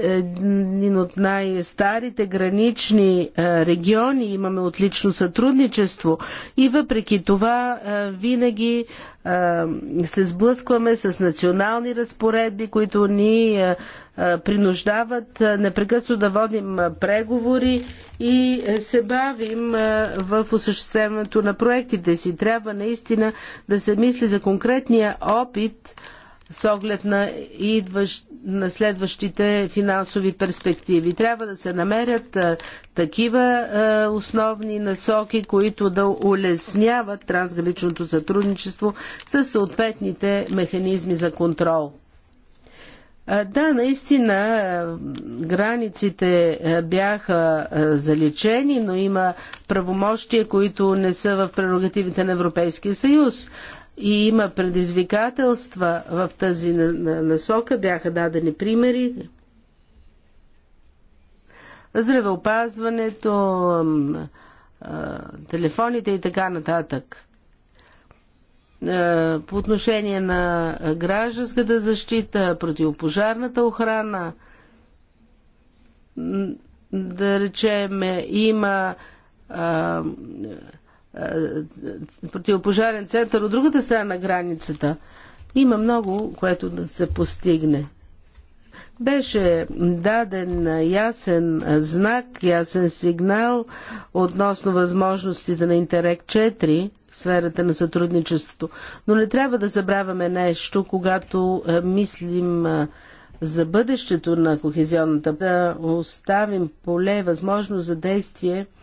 един от най-старите гранични региони, имаме отлично сътрудничество и въпреки това винаги се сблъскваме с национални разпоредби, които ни принуждават непрекъснато да водим преговори и се бавим в осъществяването на проектите си. Трябва наистина да се мисли за конкретния опит с оглед на, идващ, на следващите финансови перспективи. Трябва да се намерят а, такива а, основни насоки, които да улесняват трансграничното сътрудничество с съответните механизми за контрол. А, да, наистина границите бяха заличени, но има правомощия, които не са в прерогативите на Европейския съюз и има предизвикателства в тази насока, бяха дадени примери. Здравеопазването, телефоните и така нататък. По отношение на гражданската защита, противопожарната охрана, да речем, има е, противопожарен център от другата страна на границата. Има много, което да се постигне. Беше даден ясен знак, ясен сигнал относно възможностите на Интерек 4 в сферата на сътрудничеството. Но не трябва да забравяме нещо, когато е, мислим е, за бъдещето на кохезионната. Да оставим поле възможност за действие –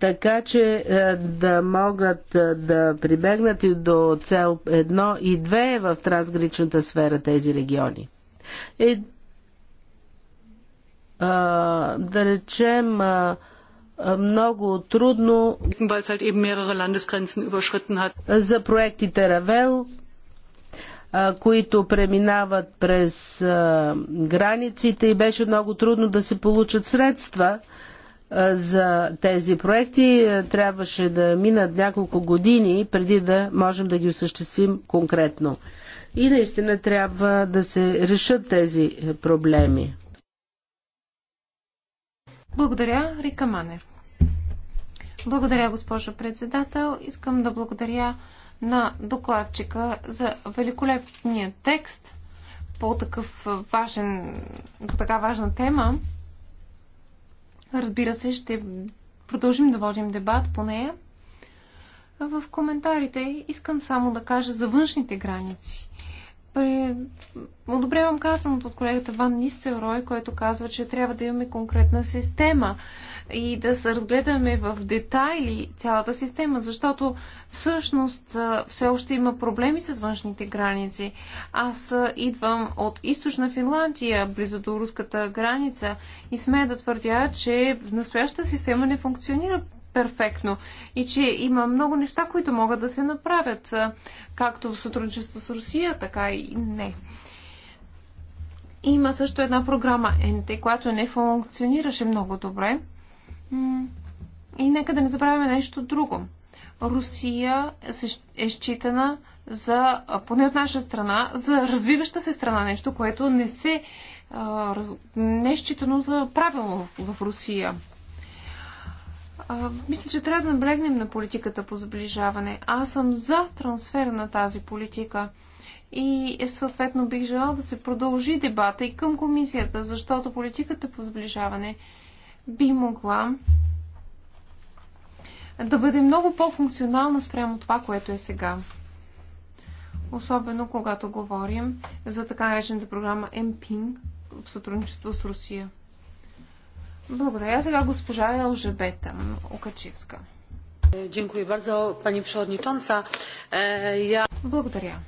така че е, да могат е, да прибегнат и до цел 1 и 2 в трансграничната сфера тези региони. И, е, а, да речем, а, много трудно за проектите Равел, които преминават през границите и беше много трудно да се получат средства за тези проекти. Трябваше да минат няколко години преди да можем да ги осъществим конкретно. И наистина трябва да се решат тези проблеми. Благодаря, Рика Манер. Благодаря, госпожо председател. Искам да благодаря на докладчика за великолепния текст по такъв важен, по така важна тема. Разбира се, ще продължим да водим дебат по нея. В коментарите искам само да кажа за външните граници. Одобрявам казаното от колегата Ван Нистелрой, който казва, че трябва да имаме конкретна система и да се разгледаме в детайли цялата система, защото всъщност все още има проблеми с външните граници. Аз идвам от източна Финландия, близо до руската граница и смея да твърдя, че настоящата система не функционира перфектно и че има много неща, които могат да се направят, както в сътрудничество с Русия, така и не. Има също една програма НТ, която не функционираше много добре. И нека да не забравяме нещо друго. Русия е считана за, поне от наша страна, за развиваща се страна, нещо, което не се не е считано за правилно в Русия. Мисля, че трябва да наблегнем на политиката по заближаване. Аз съм за трансфер на тази политика. И е, съответно бих желал да се продължи дебата и към комисията, защото политиката по сближаване би могла да бъде много по-функционална спрямо това, което е сега. Особено когато говорим за така наречената програма МПИНГ в сътрудничество с Русия. Благодаря сега госпожа Елжебета Окачевска. Дякую bardzo, пани przewodnicząca. E, Благодаря,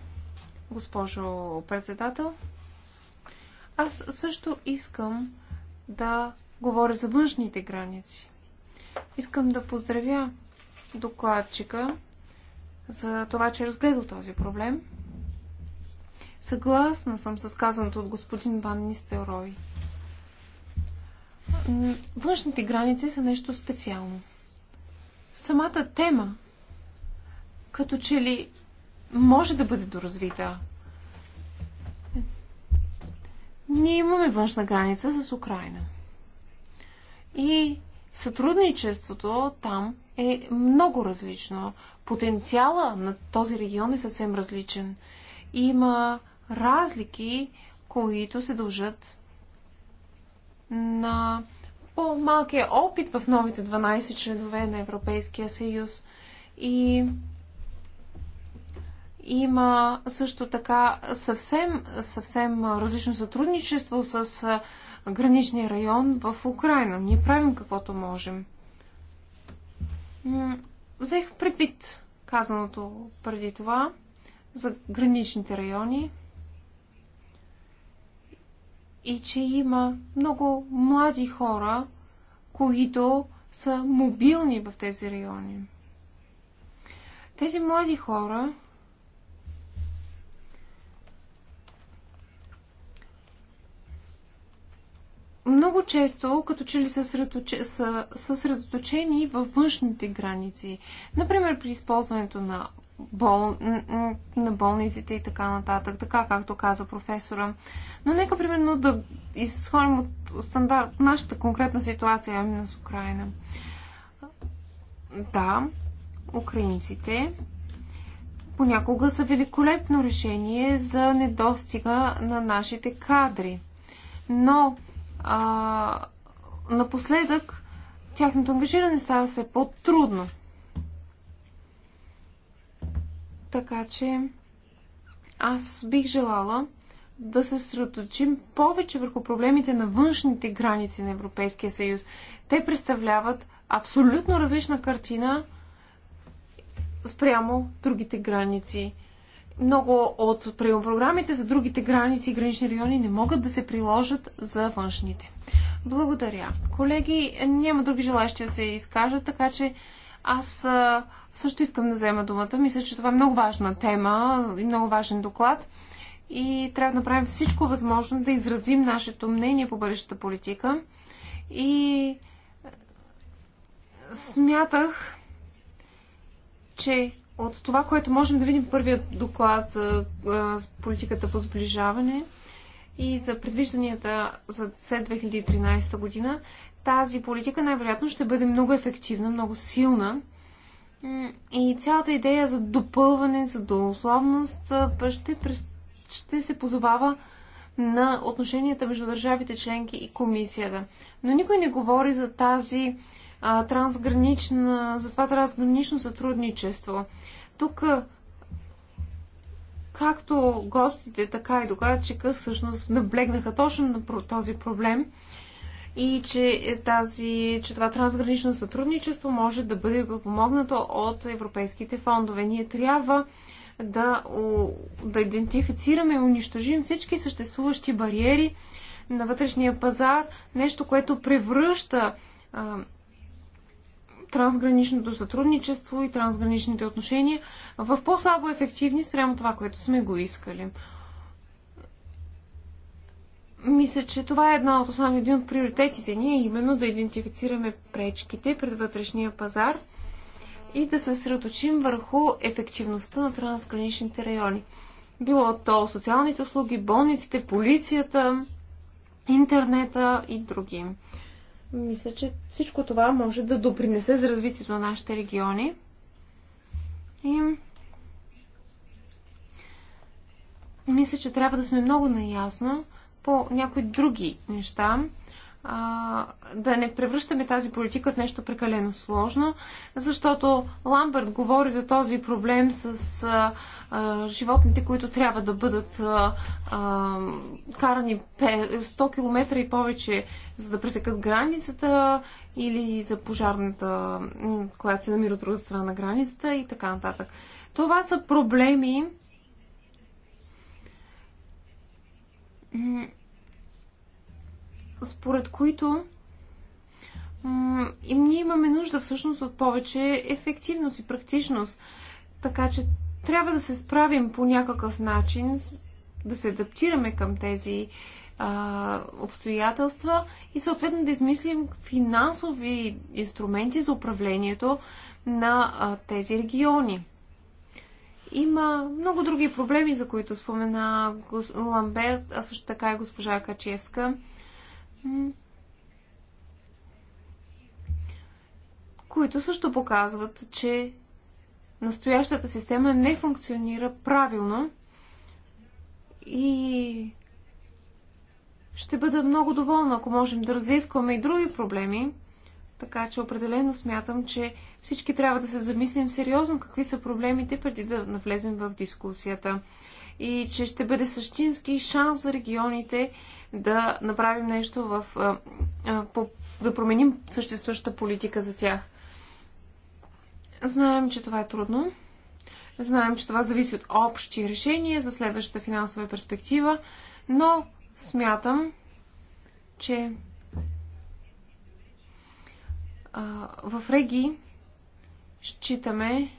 госпожо председател. Аз също искам да Говоря за външните граници. Искам да поздравя докладчика за това, че е разгледал този проблем. Съгласна съм с казаното от господин Ван Нистелрой. Външните граници са нещо специално. Самата тема, като че ли може да бъде доразвита. Ние имаме външна граница с Украина – и сътрудничеството там е много различно. Потенциала на този регион е съвсем различен. Има разлики, които се дължат на по-малкия опит в новите 12 членове на Европейския съюз. И има също така съвсем, съвсем различно сътрудничество с граничния район в Украина. Ние правим каквото можем. Взех предвид казаното преди това за граничните райони и че има много млади хора, които са мобилни в тези райони. Тези млади хора много често, като че ли са съсредоточени във външните граници. Например, при използването на, бол... на болниците и така нататък, така както каза професора. Но нека, примерно, да изходим от стандарт нашата конкретна ситуация, именно с Украина. Да, украинците понякога са великолепно решение за недостига на нашите кадри. Но а, напоследък тяхното ангажиране става все по-трудно. Така че аз бих желала да се средоточим повече върху проблемите на външните граници на Европейския съюз. Те представляват абсолютно различна картина спрямо другите граници много от програмите за другите граници и гранични райони не могат да се приложат за външните. Благодаря. Колеги, няма други желащи да се изкажат, така че аз също искам да взема думата. Мисля, че това е много важна тема и много важен доклад. И трябва да направим всичко възможно да изразим нашето мнение по бъдещата политика. И смятах, че от това, което можем да видим в първият доклад за политиката по сближаване и за предвижданията за след 2013 година, тази политика най-вероятно ще бъде много ефективна, много силна. И цялата идея за допълване, за доусловност ще, ще се позовава на отношенията между държавите членки и комисията. Но никой не говори за тази а, трансгранична, за това трансгранично сътрудничество. Тук както гостите, така и докладчика всъщност наблегнаха точно на този проблем и че, е тази, че това трансгранично сътрудничество може да бъде помогнато от европейските фондове. Ние трябва да, да идентифицираме и унищожим всички съществуващи бариери на вътрешния пазар, нещо, което превръща трансграничното сътрудничество и трансграничните отношения в по-слабо ефективни спрямо това, което сме го искали. Мисля, че това е една от основни един от приоритетите ни, е именно да идентифицираме пречките пред вътрешния пазар и да се средочим върху ефективността на трансграничните райони. Било то социалните услуги, болниците, полицията, интернета и други. Мисля, че всичко това може да допринесе за развитието на нашите региони. И мисля, че трябва да сме много наясно по някои други неща. А, да не превръщаме тази политика в нещо прекалено сложно, защото Ламбърт говори за този проблем с а, животните, които трябва да бъдат а, а, карани 100 км и повече, за да пресекат границата или за пожарната, която се намира от друга страна на границата и така нататък. Това са проблеми, според които и ние имаме нужда всъщност от повече ефективност и практичност. Така че трябва да се справим по някакъв начин, да се адаптираме към тези а, обстоятелства и съответно да измислим финансови инструменти за управлението на а, тези региони. Има много други проблеми, за които спомена гос... Ламберт, а също така и госпожа Качевска, които също показват, че настоящата система не функционира правилно и ще бъда много доволна, ако можем да разискваме и други проблеми. Така че определено смятам, че всички трябва да се замислим сериозно какви са проблемите преди да навлезем в дискусията. И че ще бъде същински шанс за регионите да направим нещо в. да променим съществуващата политика за тях. Знаем, че това е трудно. Знаем, че това зависи от общи решения за следващата финансова перспектива, но смятам, че а, в Реги считаме,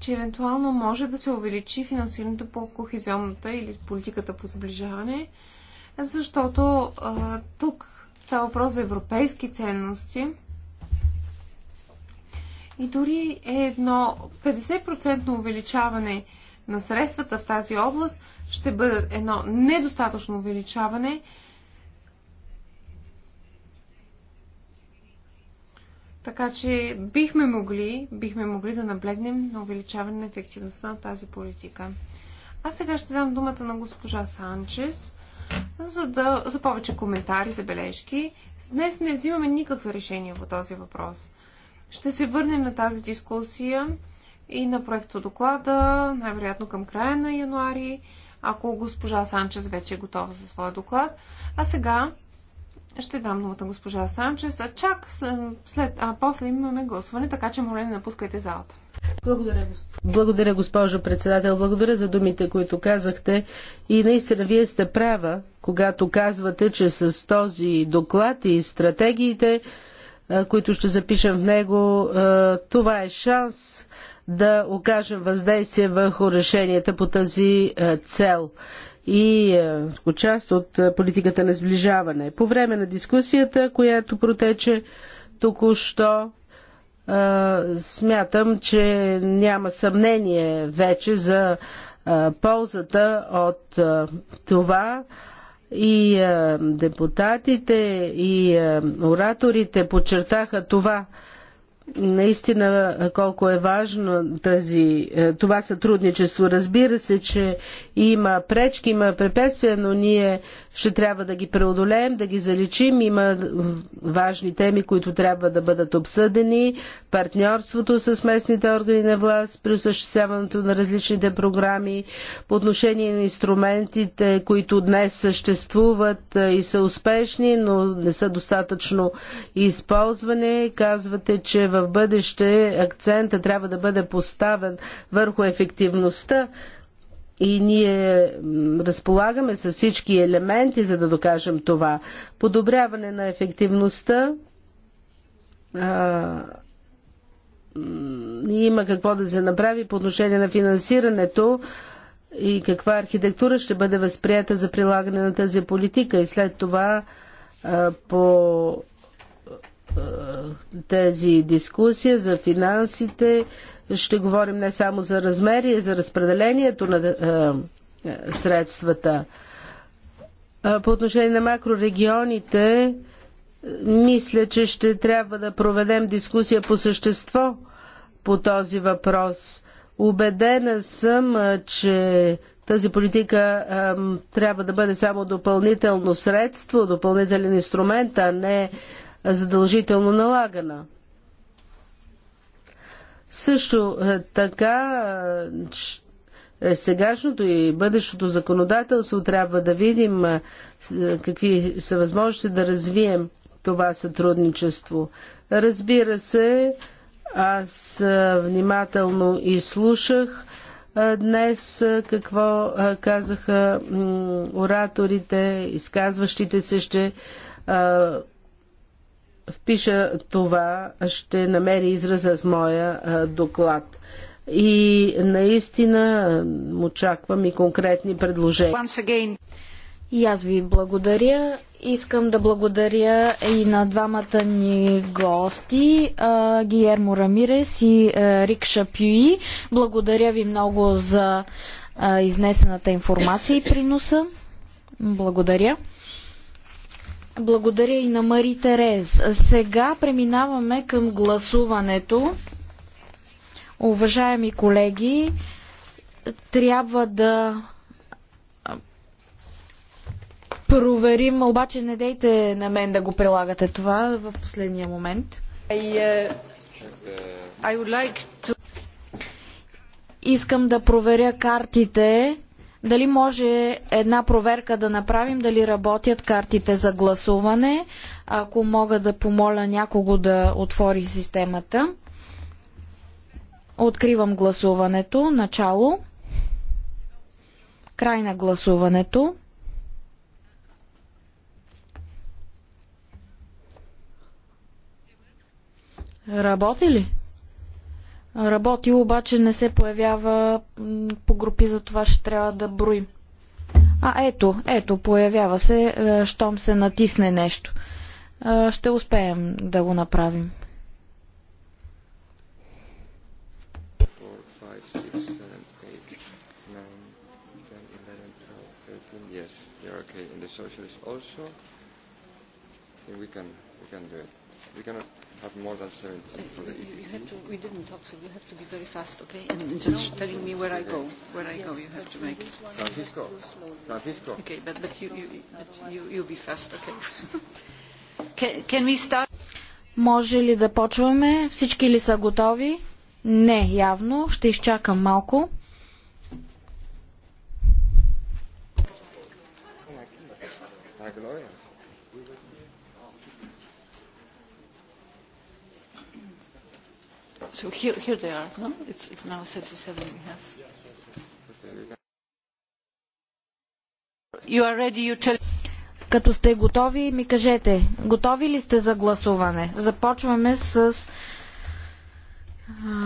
че евентуално може да се увеличи финансирането по кохезионната или политиката по сближаване, защото а, тук става въпрос за европейски ценности – и дори е едно 50% увеличаване на средствата в тази област ще бъде едно недостатъчно увеличаване. Така че бихме могли, бихме могли да наблегнем на увеличаване на ефективността на тази политика. А сега ще дам думата на госпожа Санчес за, да, за повече коментари, забележки. Днес не взимаме никакви решения по този въпрос – ще се върнем на тази дискусия и на проекто доклада, най-вероятно към края на януари, ако госпожа Санчес вече е готова за своя доклад. А сега ще дам думата госпожа Санчес, а чак след, а после имаме гласуване, така че моля не напускайте залата. Благодаря, Благодаря, госпожо председател. Благодаря за думите, които казахте. И наистина вие сте права, когато казвате, че с този доклад и стратегиите които ще запишем в него, това е шанс да окажем въздействие върху решенията по тази цел и част от политиката на сближаване. По време на дискусията, която протече току-що, смятам, че няма съмнение вече за ползата от това и а, е, депутатите, и а, е, ораторите подчертаха това, наистина колко е важно тази, е, това сътрудничество. Разбира се, че има пречки, има препятствия, но ние ще трябва да ги преодолеем, да ги заличим. Има важни теми, които трябва да бъдат обсъдени. Партньорството с местните органи на власт при осъществяването на различните програми, по отношение на инструментите, които днес съществуват е, и са успешни, но не са достатъчно използване. Казвате, че в бъдеще акцента трябва да бъде поставен върху ефективността и ние разполагаме с всички елементи, за да докажем това. Подобряване на ефективността. А, има какво да се направи по отношение на финансирането и каква архитектура ще бъде възприята за прилагане на тази политика. И след това а, по тези дискусия за финансите ще говорим не само за размери, а за разпределението на е, е, средствата. По отношение на макрорегионите, мисля, че ще трябва да проведем дискусия по същество по този въпрос. Убедена съм, че тази политика ам, трябва да бъде само допълнително средство, допълнителен инструмент, а не задължително налагана. Също е, така е, е, сегашното и бъдещото законодателство трябва да видим какви са възможности да развием това сътрудничество. Разбира се, аз внимателно изслушах днес какво казаха ораторите, изказващите се ще впиша това, ще намери израза в моя доклад. И наистина очаквам и конкретни предложения. И аз ви благодаря. Искам да благодаря и на двамата ни гости, Гиермо Рамирес и Рик Шапюи. Благодаря ви много за изнесената информация и приноса. Благодаря. Благодаря и на Мари Терез. Сега преминаваме към гласуването. Уважаеми колеги, трябва да проверим, обаче не дейте на мен да го прилагате това в последния момент. I, uh, I like to... Искам да проверя картите дали може една проверка да направим, дали работят картите за гласуване. Ако мога да помоля някого да отвори системата. Откривам гласуването. Начало. Край на гласуването. Работи ли? работи, обаче не се появява по групи, за това ще трябва да броим. А ето, ето, появява се, е, щом се натисне нещо. Е, ще успеем да го направим. Yes, you're okay. And the socialists also. Yeah, we can, we can do it. We cannot have more than 17 for the EPP. You have to, we didn't talk, so you have to be very fast, okay? And just telling me where I go, where I go, you have to make. Francisco, Francisco. Okay, but, but, you, you, but you, you be fast, okay? can, can we start? Може ли да почваме? Всички ли са готови? Не, явно. Ще изчакам малко. Gloria. So here, here they are, no? It's, it's now set to seven we have. You are ready, you tell... Като сте готови, ми кажете, готови ли сте за гласуване? Започваме с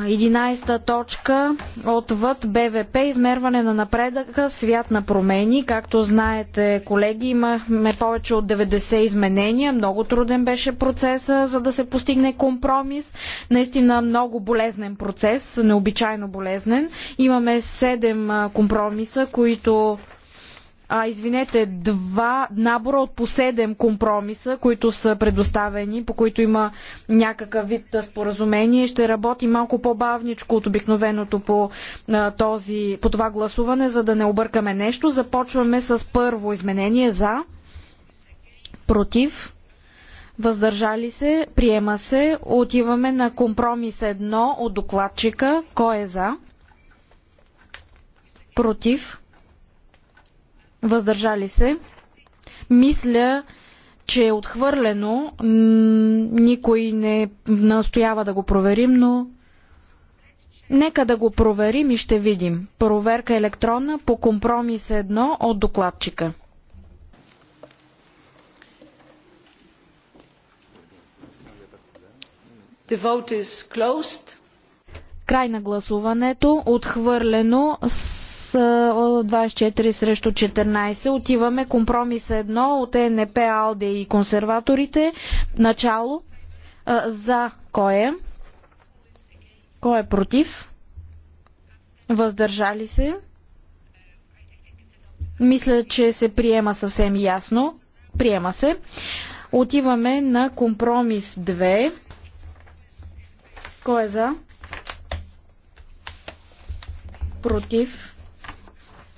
11 точка отвъд БВП е измерване на напредъка в свят на промени. Както знаете, колеги, имахме повече от 90 изменения. Много труден беше процеса, за да се постигне компромис. Наистина много болезнен процес, необичайно болезнен. Имаме 7 компромиса, които а, извинете, два набора от по седем компромиса, които са предоставени, по които има някакъв вид споразумение. Ще работи малко по-бавничко от обикновеното по, а, този, по това гласуване, за да не объркаме нещо. Започваме с първо изменение за, против, въздържали се, приема се. Отиваме на компромис 1 от докладчика. Кой е за? Против въздържали се. Мисля, че е отхвърлено. Никой не настоява да го проверим, но нека да го проверим и ще видим. Проверка електронна по компромис Едно от докладчика. The vote is closed. Край на гласуването. Отхвърлено с 24 срещу 14. Отиваме компромис 1 от ЕНП, АЛДЕ и консерваторите. Начало. За кой е? Кой е против? Въздържали се? Мисля, че се приема съвсем ясно. Приема се. Отиваме на компромис 2. Кой е за? Против?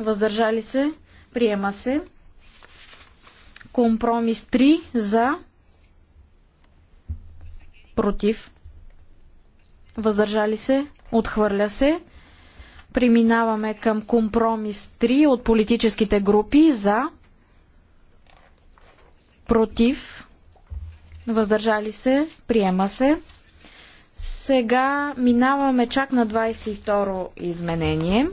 въздържали се, приема се. Компромис 3 за, против, въздържали се, отхвърля се. Преминаваме към компромис 3 от политическите групи за, против, въздържали се, приема се. Сега минаваме чак на 22 изменение.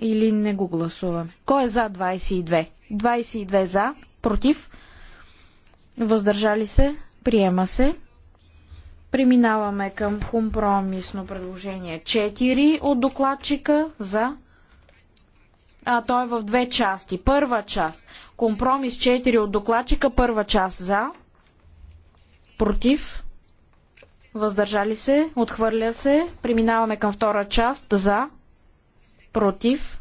или не го гласуваме? Кой е за 22? 22 за, против, въздържали се, приема се. Преминаваме към компромисно предложение 4 от докладчика за. А, той е в две части. Първа част. Компромис 4 от докладчика. Първа част за. Против. Въздържали се. Отхвърля се. Преминаваме към втора част за против,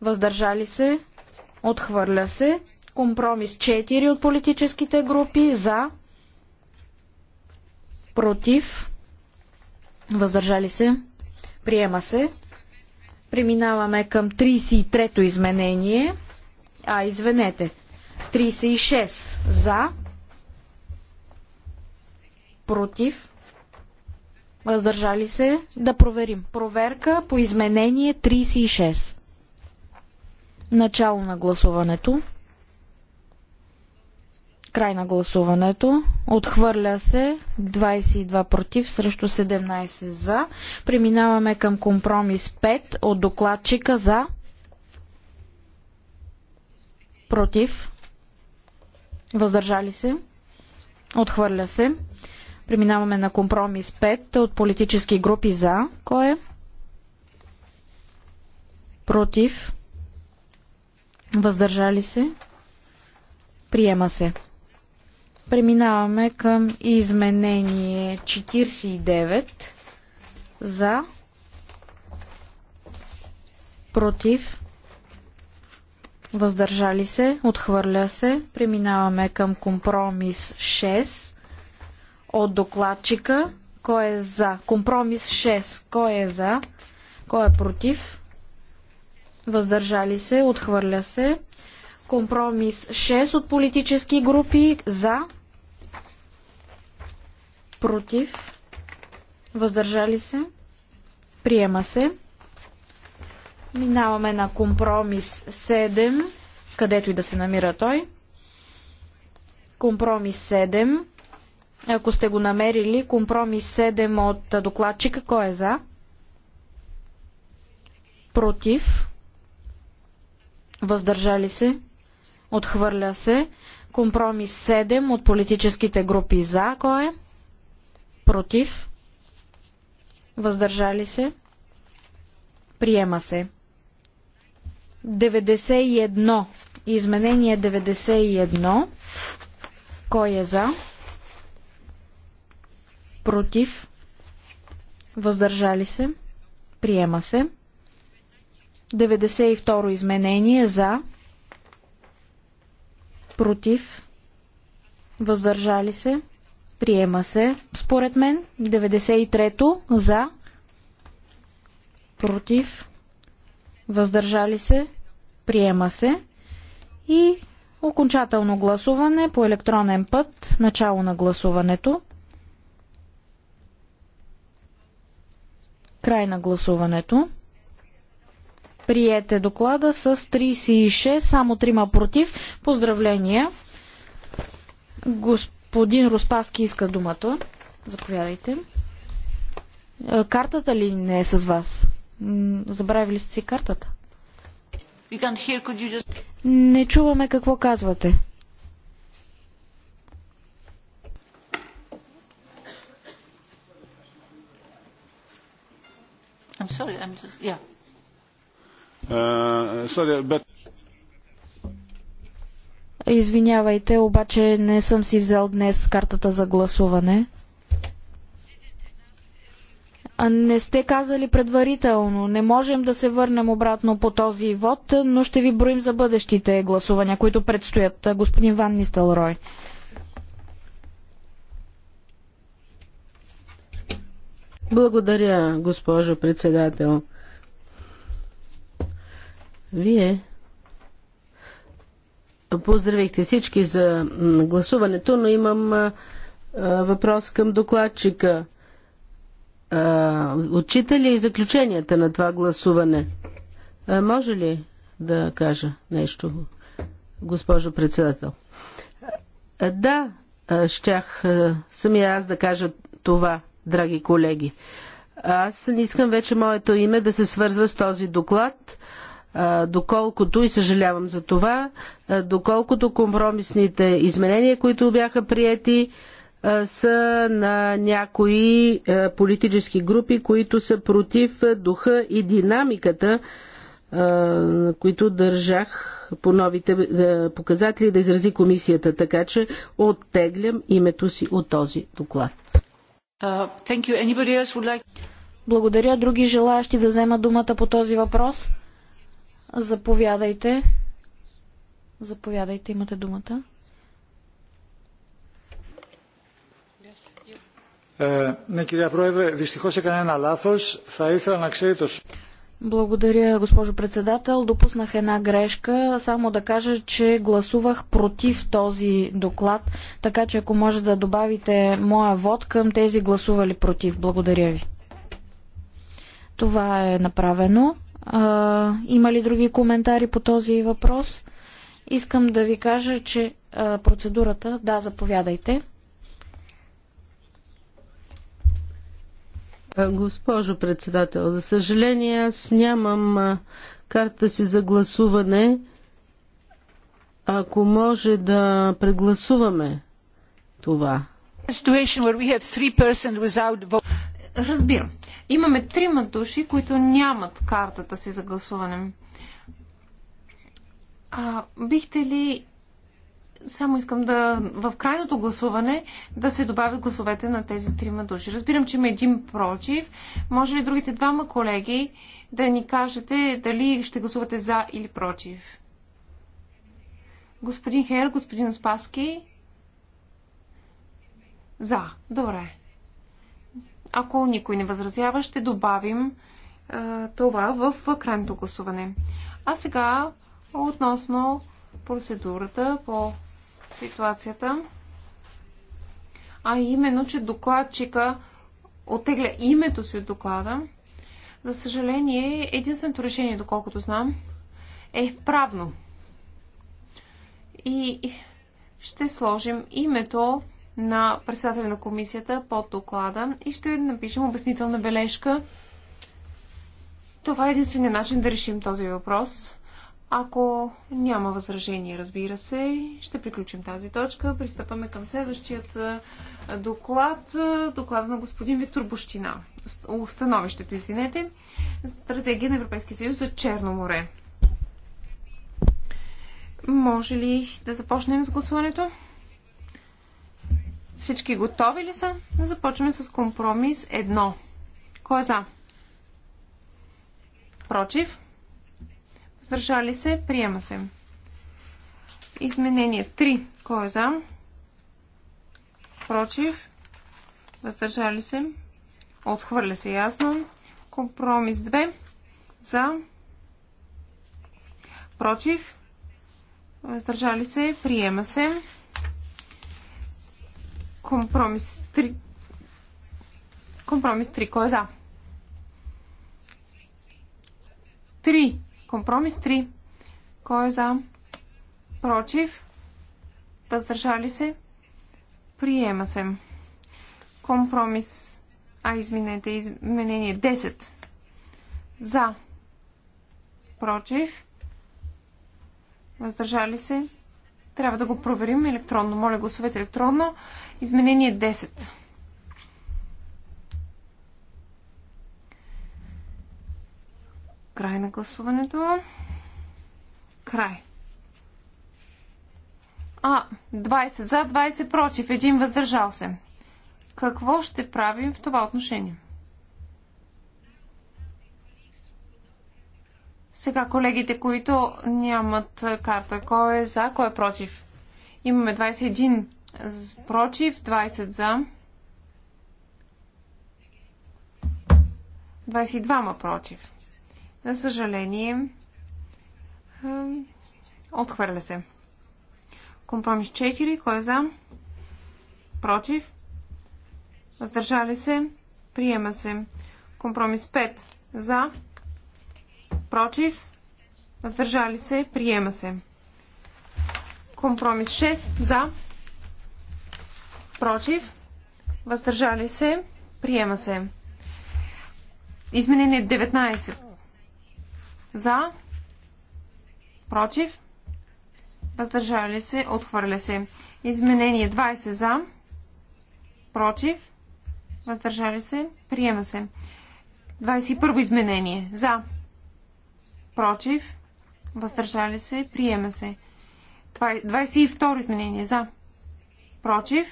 въздържали се, отхвърля се. Компромис 4 от политическите групи за, против, въздържали се, приема се. Преминаваме към 33-то изменение. А, извинете. 36 за, против, въздържали се, да проверим. Проверка по изменение 36. Начало на гласуването. Край на гласуването. Отхвърля се 22 против срещу 17 за. Преминаваме към компромис 5 от докладчика за. Против. Въздържали се. Отхвърля се. Преминаваме на компромис 5 от политически групи за. Кой е? Против. Въздържали се. Приема се. Преминаваме към изменение 49 за против въздържали се, отхвърля се. Преминаваме към компромис 6 от докладчика. Кой е за? Компромис 6. Кой е за? Кой е против? Въздържали се? Отхвърля се. Компромис 6 от политически групи. За? Против? Въздържали се? Приема се. Минаваме на компромис 7, където и да се намира той. Компромис 7 ако сте го намерили, компромис 7 от докладчика, кой е за? Против? Въздържали се? Отхвърля се. Компромис 7 от политическите групи за. Кой е? Против? Въздържали се? Приема се. 91. Изменение 91. Кой е за? против, въздържали се, приема се. 92 изменение за, против, въздържали се, приема се, според мен. 93 за, против, въздържали се, приема се. И окончателно гласуване по електронен път, начало на гласуването. Край на гласуването. Приете доклада с 36, само 3 против. Поздравления. Господин Роспаски иска думата. Заповядайте. Е, картата ли не е с вас? Забравили сте си картата? Не чуваме какво казвате. sorry, I'm just, yeah. Uh, sorry, but... Извинявайте, обаче не съм си взел днес картата за гласуване. А не сте казали предварително. Не можем да се върнем обратно по този вод, но ще ви броим за бъдещите гласувания, които предстоят. Господин Ван Нистелрой. Uh, Благодаря, госпожо председател. Вие поздравихте всички за гласуването, но имам въпрос към докладчика. Отчита ли и заключенията на това гласуване? Може ли да кажа нещо, госпожо председател? Да, щях самия аз да кажа това драги колеги. Аз не искам вече моето име да се свързва с този доклад, доколкото, и съжалявам за това, доколкото компромисните изменения, които бяха приети, са на някои политически групи, които са против духа и динамиката, на които държах по новите показатели да изрази комисията. Така че оттеглям името си от този доклад. Uh, Благодаря. Други желаящи да вземат думата по този въпрос? Заповядайте. Заповядайте, имате думата. Ε, Ναι, е, κυρία Πρόεδρε, δυστυχώς έκανα ένα λάθος. Θα ήθελα να ξέρει το... Благодаря, госпожо председател. Допуснах една грешка. Само да кажа, че гласувах против този доклад, така че ако може да добавите моя вод към тези гласували против. Благодаря ви. Това е направено. А, има ли други коментари по този въпрос? Искам да ви кажа, че а, процедурата. Да, заповядайте. Е, госпожо председател, за съжаление аз нямам карта си за гласуване. Ако може да прегласуваме това. Разбирам. Имаме трима души, които нямат картата си за гласуване. А, бихте ли само искам да в крайното гласуване да се добавят гласовете на тези трима души. Разбирам, че има един против. Може ли другите двама колеги да ни кажете дали ще гласувате за или против? Господин Хер, господин Спаски. За. Добре. Ако никой не възразява, ще добавим а, е, това в крайното гласуване. А сега относно процедурата по ситуацията, а именно, че докладчика оттегля името си от доклада. За съжаление, единственото решение, доколкото знам, е правно. И ще сложим името на председателя на комисията под доклада и ще напишем обяснителна бележка. Това е единствения начин да решим този въпрос. Ако няма възражение, разбира се, ще приключим тази точка. Пристъпваме към следващият доклад. Доклад на господин Виктор Бощина. Установището, извинете. Стратегия на Европейския съюз за Черно море. Може ли да започнем с гласуването? Всички готови ли са? Започваме с компромис 1. Кой е за? Против? Въздържали се. Приема се. Изменение 3. Кой е за? Против. Въздържали се. Отхвърля се ясно. Компромис 2. За. Против. Въздържали се. Приема се. Компромис 3. Компромис 3. Кой е за? 3. Компромис 3. Кой е за? Против? Въздържали се? Приема се. Компромис. А, извинете, изменение 10. За. Против? Въздържали се? Трябва да го проверим електронно. Моля, гласовете електронно. Изменение 10. Край на гласуването. Край. А, 20 за, 20 против, един въздържал се. Какво ще правим в това отношение? Сега колегите, които нямат карта, кой е за, кой е против? Имаме 21 против, 20 за. 22 против за съжаление, отхвърля се. Компромис 4. Кой е за? Против? Въздържали се? Приема се. Компромис 5. За? Против? Въздържали се? Приема се. Компромис 6. За? Против? Въздържали се? Приема се. Изменение 19. За. Против. Въздържали се. Отхвърля се. Изменение 20 за. Против. Въздържали се. Приема се. 21 изменение. За. Против. Въздържали се. Приема се. 22 изменение. За. Против.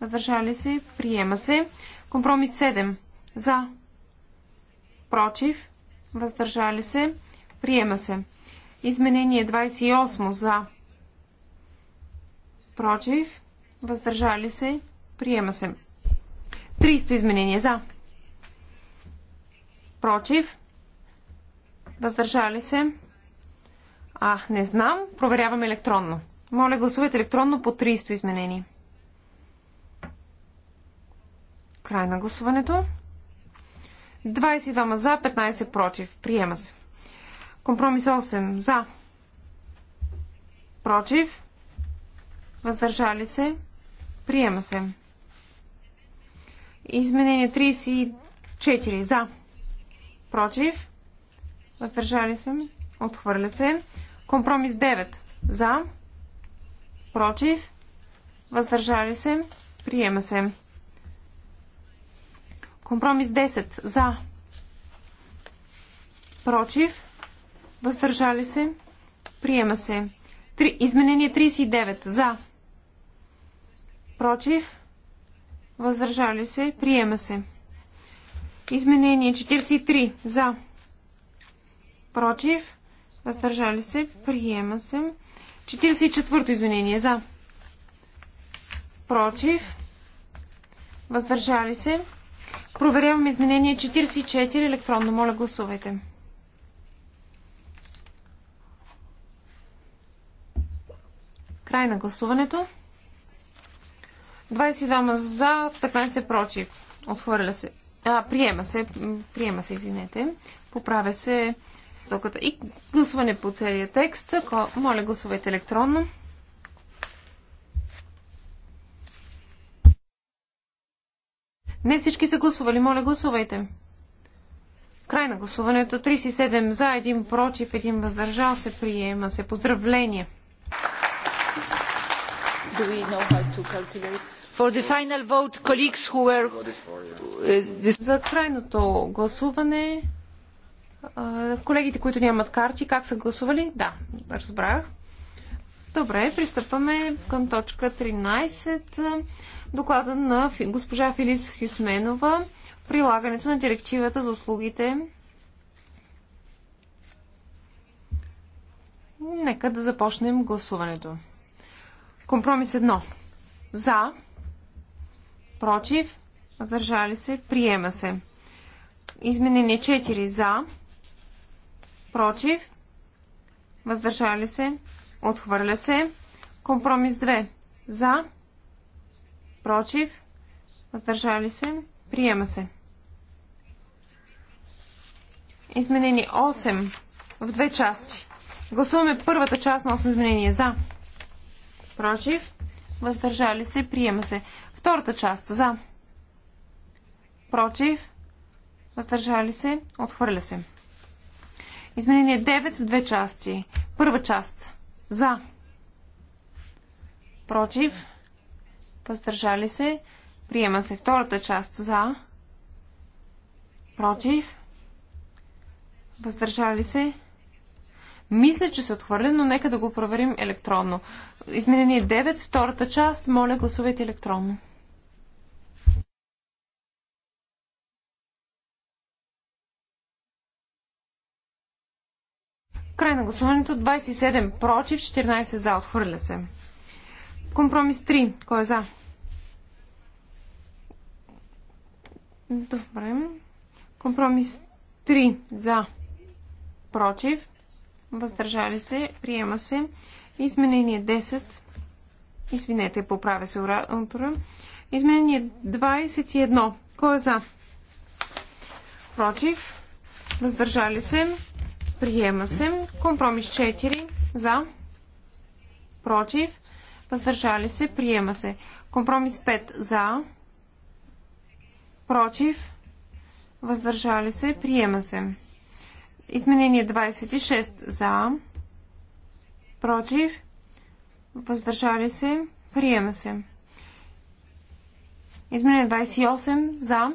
Въздържали се. Приема се. Компромис 7. За. Против. Въздържали се. Приема се. Изменение 28 за. Против. Въздържали се. Приема се. 300 изменение за. Против. Въздържали се. А, не знам. Проверяваме електронно. Моля, гласувайте електронно по 300 изменение. Край на гласуването. 22 за, 15 против. Приема се. Компромис 8. За. Против. Въздържали се. Приема се. Изменение 34. За. Против. Въздържали се. Отхвърля се. Компромис 9. За. Против. Въздържали се. Приема се. Компромис 10. За. Против въздържали се, приема се. Три, изменение 39 за, против, въздържали се, приема се. Изменение 43 за, против, въздържали се, приема се. 44-то изменение за, против, въздържали се. Проверявам изменение 44 електронно. Моля, гласувайте. Край на гласуването. 22 за, 15 против. Отхвърля се. А, приема се. Приема се, извинете. Поправя се тълката. И гласуване по целия текст. Моля, гласувайте електронно. Не всички са гласували. Моля, гласувайте. Край на гласуването. 37 за, 1 против, 1 въздържал се. Приема се. Поздравление! do we know how to calculate? For the final vote, colleagues who were... Uh, за крайното гласуване, колегите, които нямат карти, как са гласували? Да, разбрах. Добре, пристъпваме към точка 13. Доклада на госпожа Филис Хюсменова. Прилагането на директивата за услугите. Нека да започнем гласуването. Компромис 1. За. Против. Въздържали се. Приема се. Изменение 4. За. Против. Въздържали се. Отхвърля се. Компромис 2. За. Против. Въздържали се. Приема се. Изменение 8 в две части. Гласуваме първата част на 8 изменение за. Против. Въздържали се. Приема се. Втората част. За. Против. Въздържали се. Отхвърля се. Изменение 9 в две части. Първа част. За. Против. Въздържали се. Приема се втората част. За. Против. Въздържали се. Мисля, че се отхвърля, но нека да го проверим електронно. Изменение 9, втората част. Моля, гласувайте електронно. Край на гласуването 27 против, 14 за. Отхвърля се. Компромис 3. Кой е за? Добре. Компромис 3 за. Против въздържали се, приема се. Изменение 10, извинете, поправя се оратора. Изменение 21, кой е за? Против, въздържали се, приема се. Компромис 4, за, против, въздържали се, приема се. Компромис 5, за, против, въздържали се, приема се. Изменение 26 за, против, въздържали се, приема се. Изменение 28 за,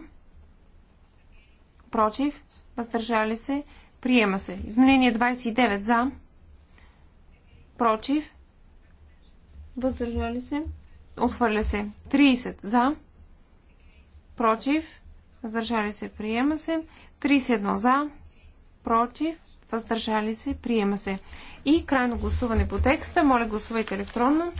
против, въздържали се, приема се. Изменение 29 за, против, въздържали се, отхвърля се. 30 за, против, въздържали се, приема се. 31 за, против, въздържали се, приема се. И крайно гласуване по текста. Моля, гласувайте електронно.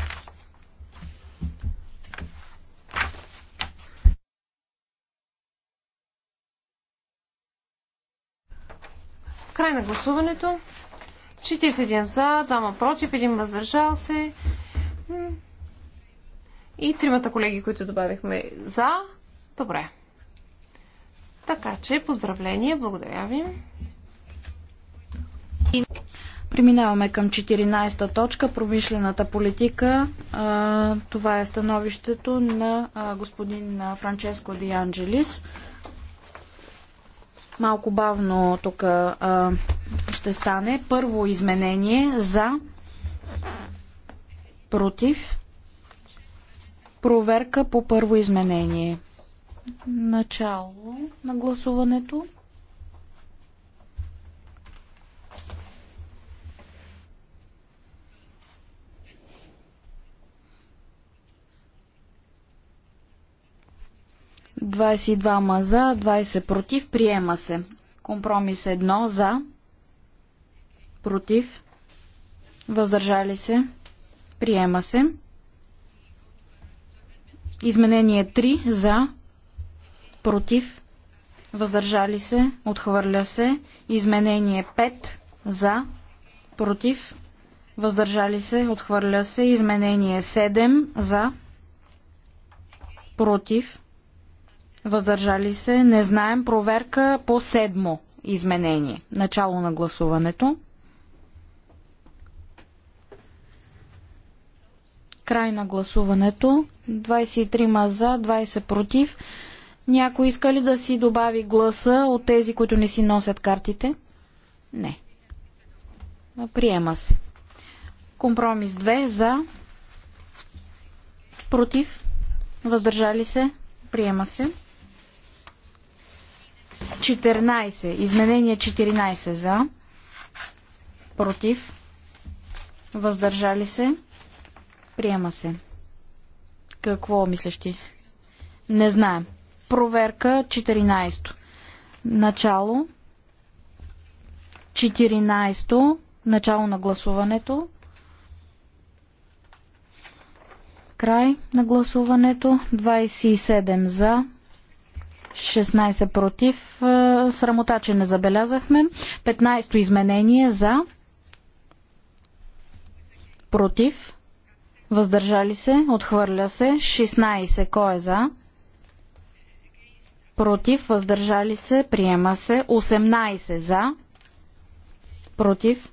Край на гласуването. 41 за, 2 против, 1 въздържал се. И тримата колеги, които добавихме за. Добре. Така че, поздравления, благодаря ви. Преминаваме към 14-та точка, промишлената политика. Това е становището на господин Франческо Ди Анджелис. Малко бавно тук ще стане. Първо изменение за против. Проверка по първо изменение. Начало на гласуването. 22 за, 20 против. Приема се. Компромис 1 за, против, въздържали се. Приема се. Изменение 3 за, против, въздържали се, отхвърля се. Изменение 5 за, против, въздържали се, отхвърля се. Изменение 7 за, против, въздържали се, не знаем. Проверка по седмо изменение. Начало на гласуването. Край на гласуването. 23 за, 20 против. Някой иска ли да си добави гласа от тези, които не си носят картите? Не. Приема се. Компромис 2 за. Против. Въздържали се. Приема се. 14. Изменение 14 за. Против. Въздържали се. Приема се. Какво мислиш ти? Не знаем. Проверка 14. Начало. 14. Начало на гласуването. Край на гласуването. 27 за, 16 против. Срамота, че не забелязахме. 15-то изменение за. Против. Въздържали се. Отхвърля се. 16. Кой е за? Против. Въздържали се. Приема се. 18 за. Против.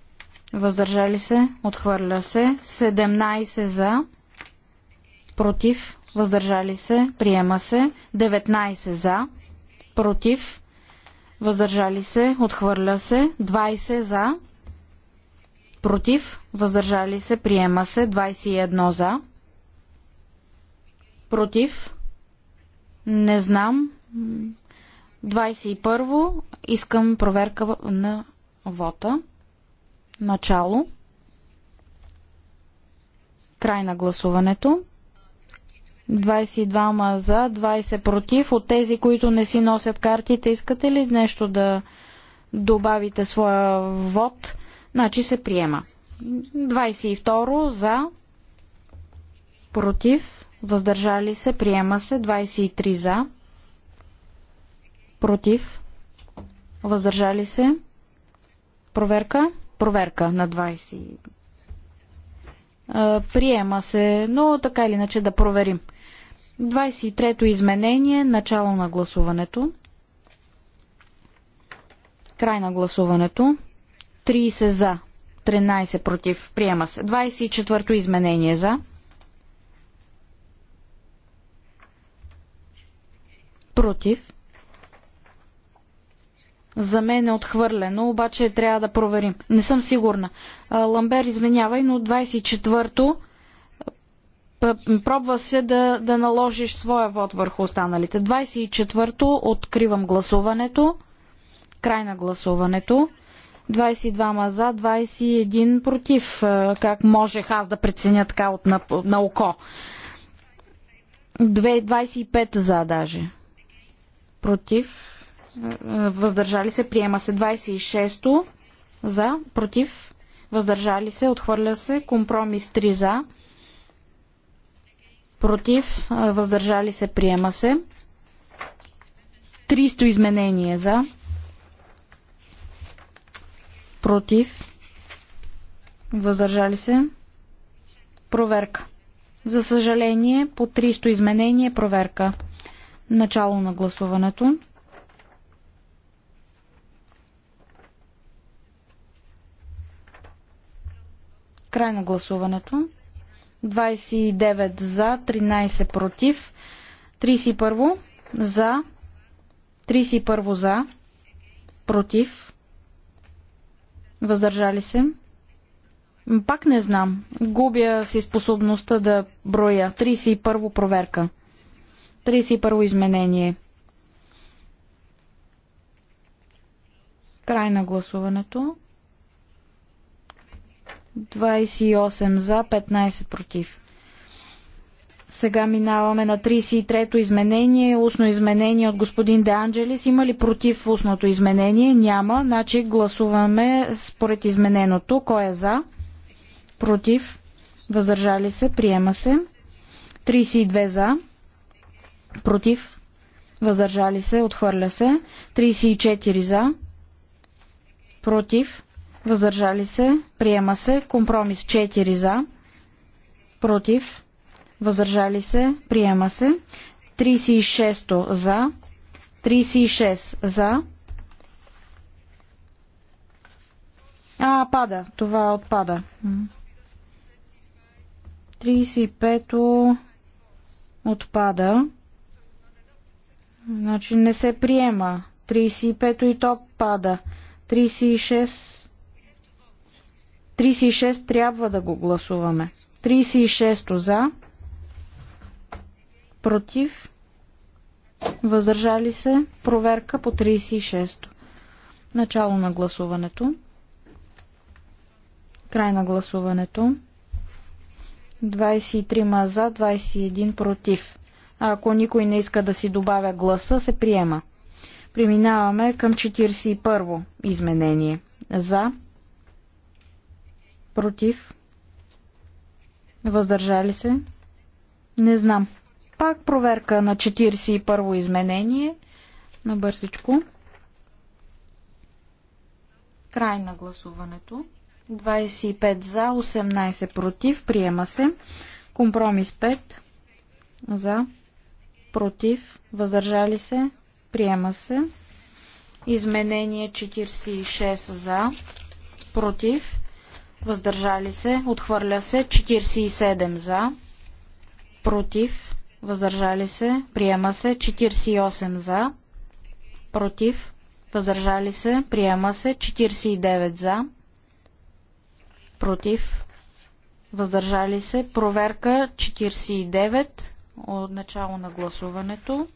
Въздържали се. Отхвърля се. 17 за. Против въздържали се, приема се, 19 за, против, въздържали се, отхвърля се, 20 за, против, въздържали се, приема се, 21 за, против, не знам, 21 искам проверка на вота, начало, край на гласуването, 22 за, 20 против. От тези, които не си носят картите, искате ли нещо да добавите своя вод? Значи се приема. 22 за, против, въздържали се, приема се. 23 за, против, въздържали се. Проверка? Проверка на 20. Приема се, но така или иначе да проверим. 23-то изменение, начало на гласуването. Край на гласуването. 30 за, 13 против. Приема се. 24-то изменение за. Против. За мен е отхвърлено, обаче трябва да проверим. Не съм сигурна. Ламбер, извинявай, но 24-то пробва се да, да наложиш своя вод върху останалите. 24-то откривам гласуването. Край на гласуването. 22 за, 21 против. Е, как можех аз да преценя така от на, на око? 25 за даже. Против. Е, е, въздържали се. Приема се 26 то за. Против. Въздържали се. Отхвърля се. Компромис 3 за против, въздържали се, приема се. 300 изменение за, против, въздържали се, проверка. За съжаление, по 300 изменение проверка. Начало на гласуването. Край на гласуването. 29 за, 13 против. 31 за. 31 за. Против. Въздържали се. Пак не знам. Губя си способността да броя. 31 проверка. 31 изменение. Край на гласуването. 28 за, 15 против. Сега минаваме на 33-то изменение, устно изменение от господин Де Анджелис. Има ли против устното изменение? Няма. Значи гласуваме според измененото. Кой е за? Против? Въздържали се? Приема се. 32 за. Против? Въздържали се? Отхвърля се. 34 за. Против? въздържали се, приема се. Компромис 4 за, против, въздържали се, приема се. 36 за, 36 за. А, пада. Това отпада. 35-то отпада. Значи не се приема. 35-то и то пада. 36 36 трябва да го гласуваме. 36 за, против, въздържали се, проверка по 36. Начало на гласуването. Край на гласуването. 23 за, 21 против. А ако никой не иска да си добавя гласа, се приема. Преминаваме към 41 изменение. За, против, въздържали се, не знам. Пак проверка на 41-во изменение на бърсичко. Край на гласуването. 25 за, 18 против, приема се. Компромис 5 за, против, въздържали се, приема се. Изменение 46 за, против, въздържали се, отхвърля се 47 за, против, въздържали се, приема се 48 за, против, въздържали се, приема се 49 за, против, въздържали се, проверка 49 от начало на гласуването.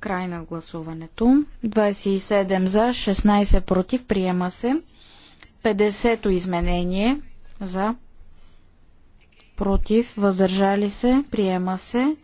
Край на гласуването. 27 за, 16 против. Приема се. 50-то изменение за, против, въздържали се. Приема се.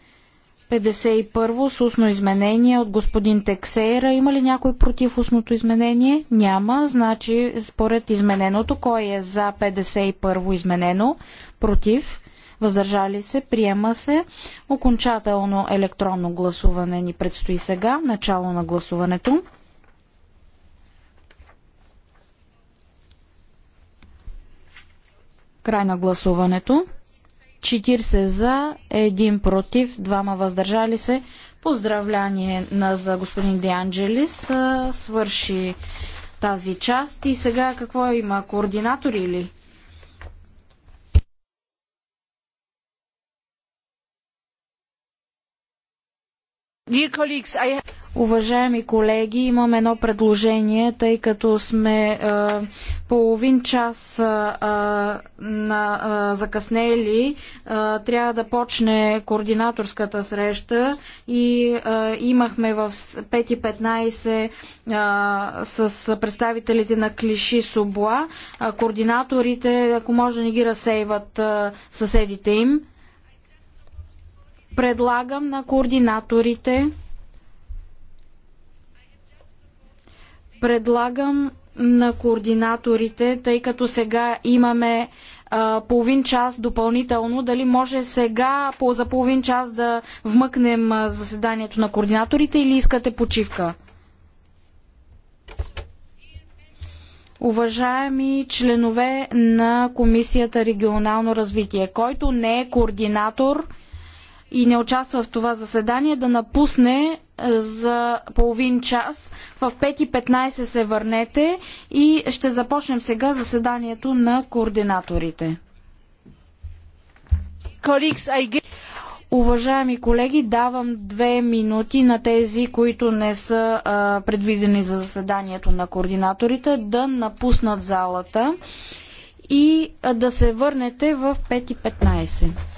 51 с устно изменение от господин Тексейра. Има ли някой против устното изменение? Няма. Значи, според измененото, кой е за 51 изменено? Против? въздържали се, приема се. Окончателно електронно гласуване ни предстои сега, начало на гласуването. Край на гласуването. 40 за, 1 против, 2 въздържали се. Поздравление на, за господин Деанджелис. Свърши тази част. И сега какво има? Координатори ли? Уважаеми колеги, имам едно предложение, тъй като сме е, половин час е, на, е, закъснели. трябва да почне координаторската среща и имахме в 5.15 с представителите на Клиши Собла. координаторите, ако може да не ги разсейват съседите им предлагам на координаторите предлагам на координаторите, тъй като сега имаме а, половин час допълнително, дали може сега по, за половин час да вмъкнем а, заседанието на координаторите или искате почивка? Уважаеми членове на Комисията регионално развитие, който не е координатор, и не участва в това заседание, да напусне е, за половин час. В 5.15 се върнете и ще започнем сега заседанието на координаторите. Уважаеми колеги, давам две минути на тези, които не са а, предвидени за заседанието на координаторите, да напуснат залата и а, да се върнете в 5.15.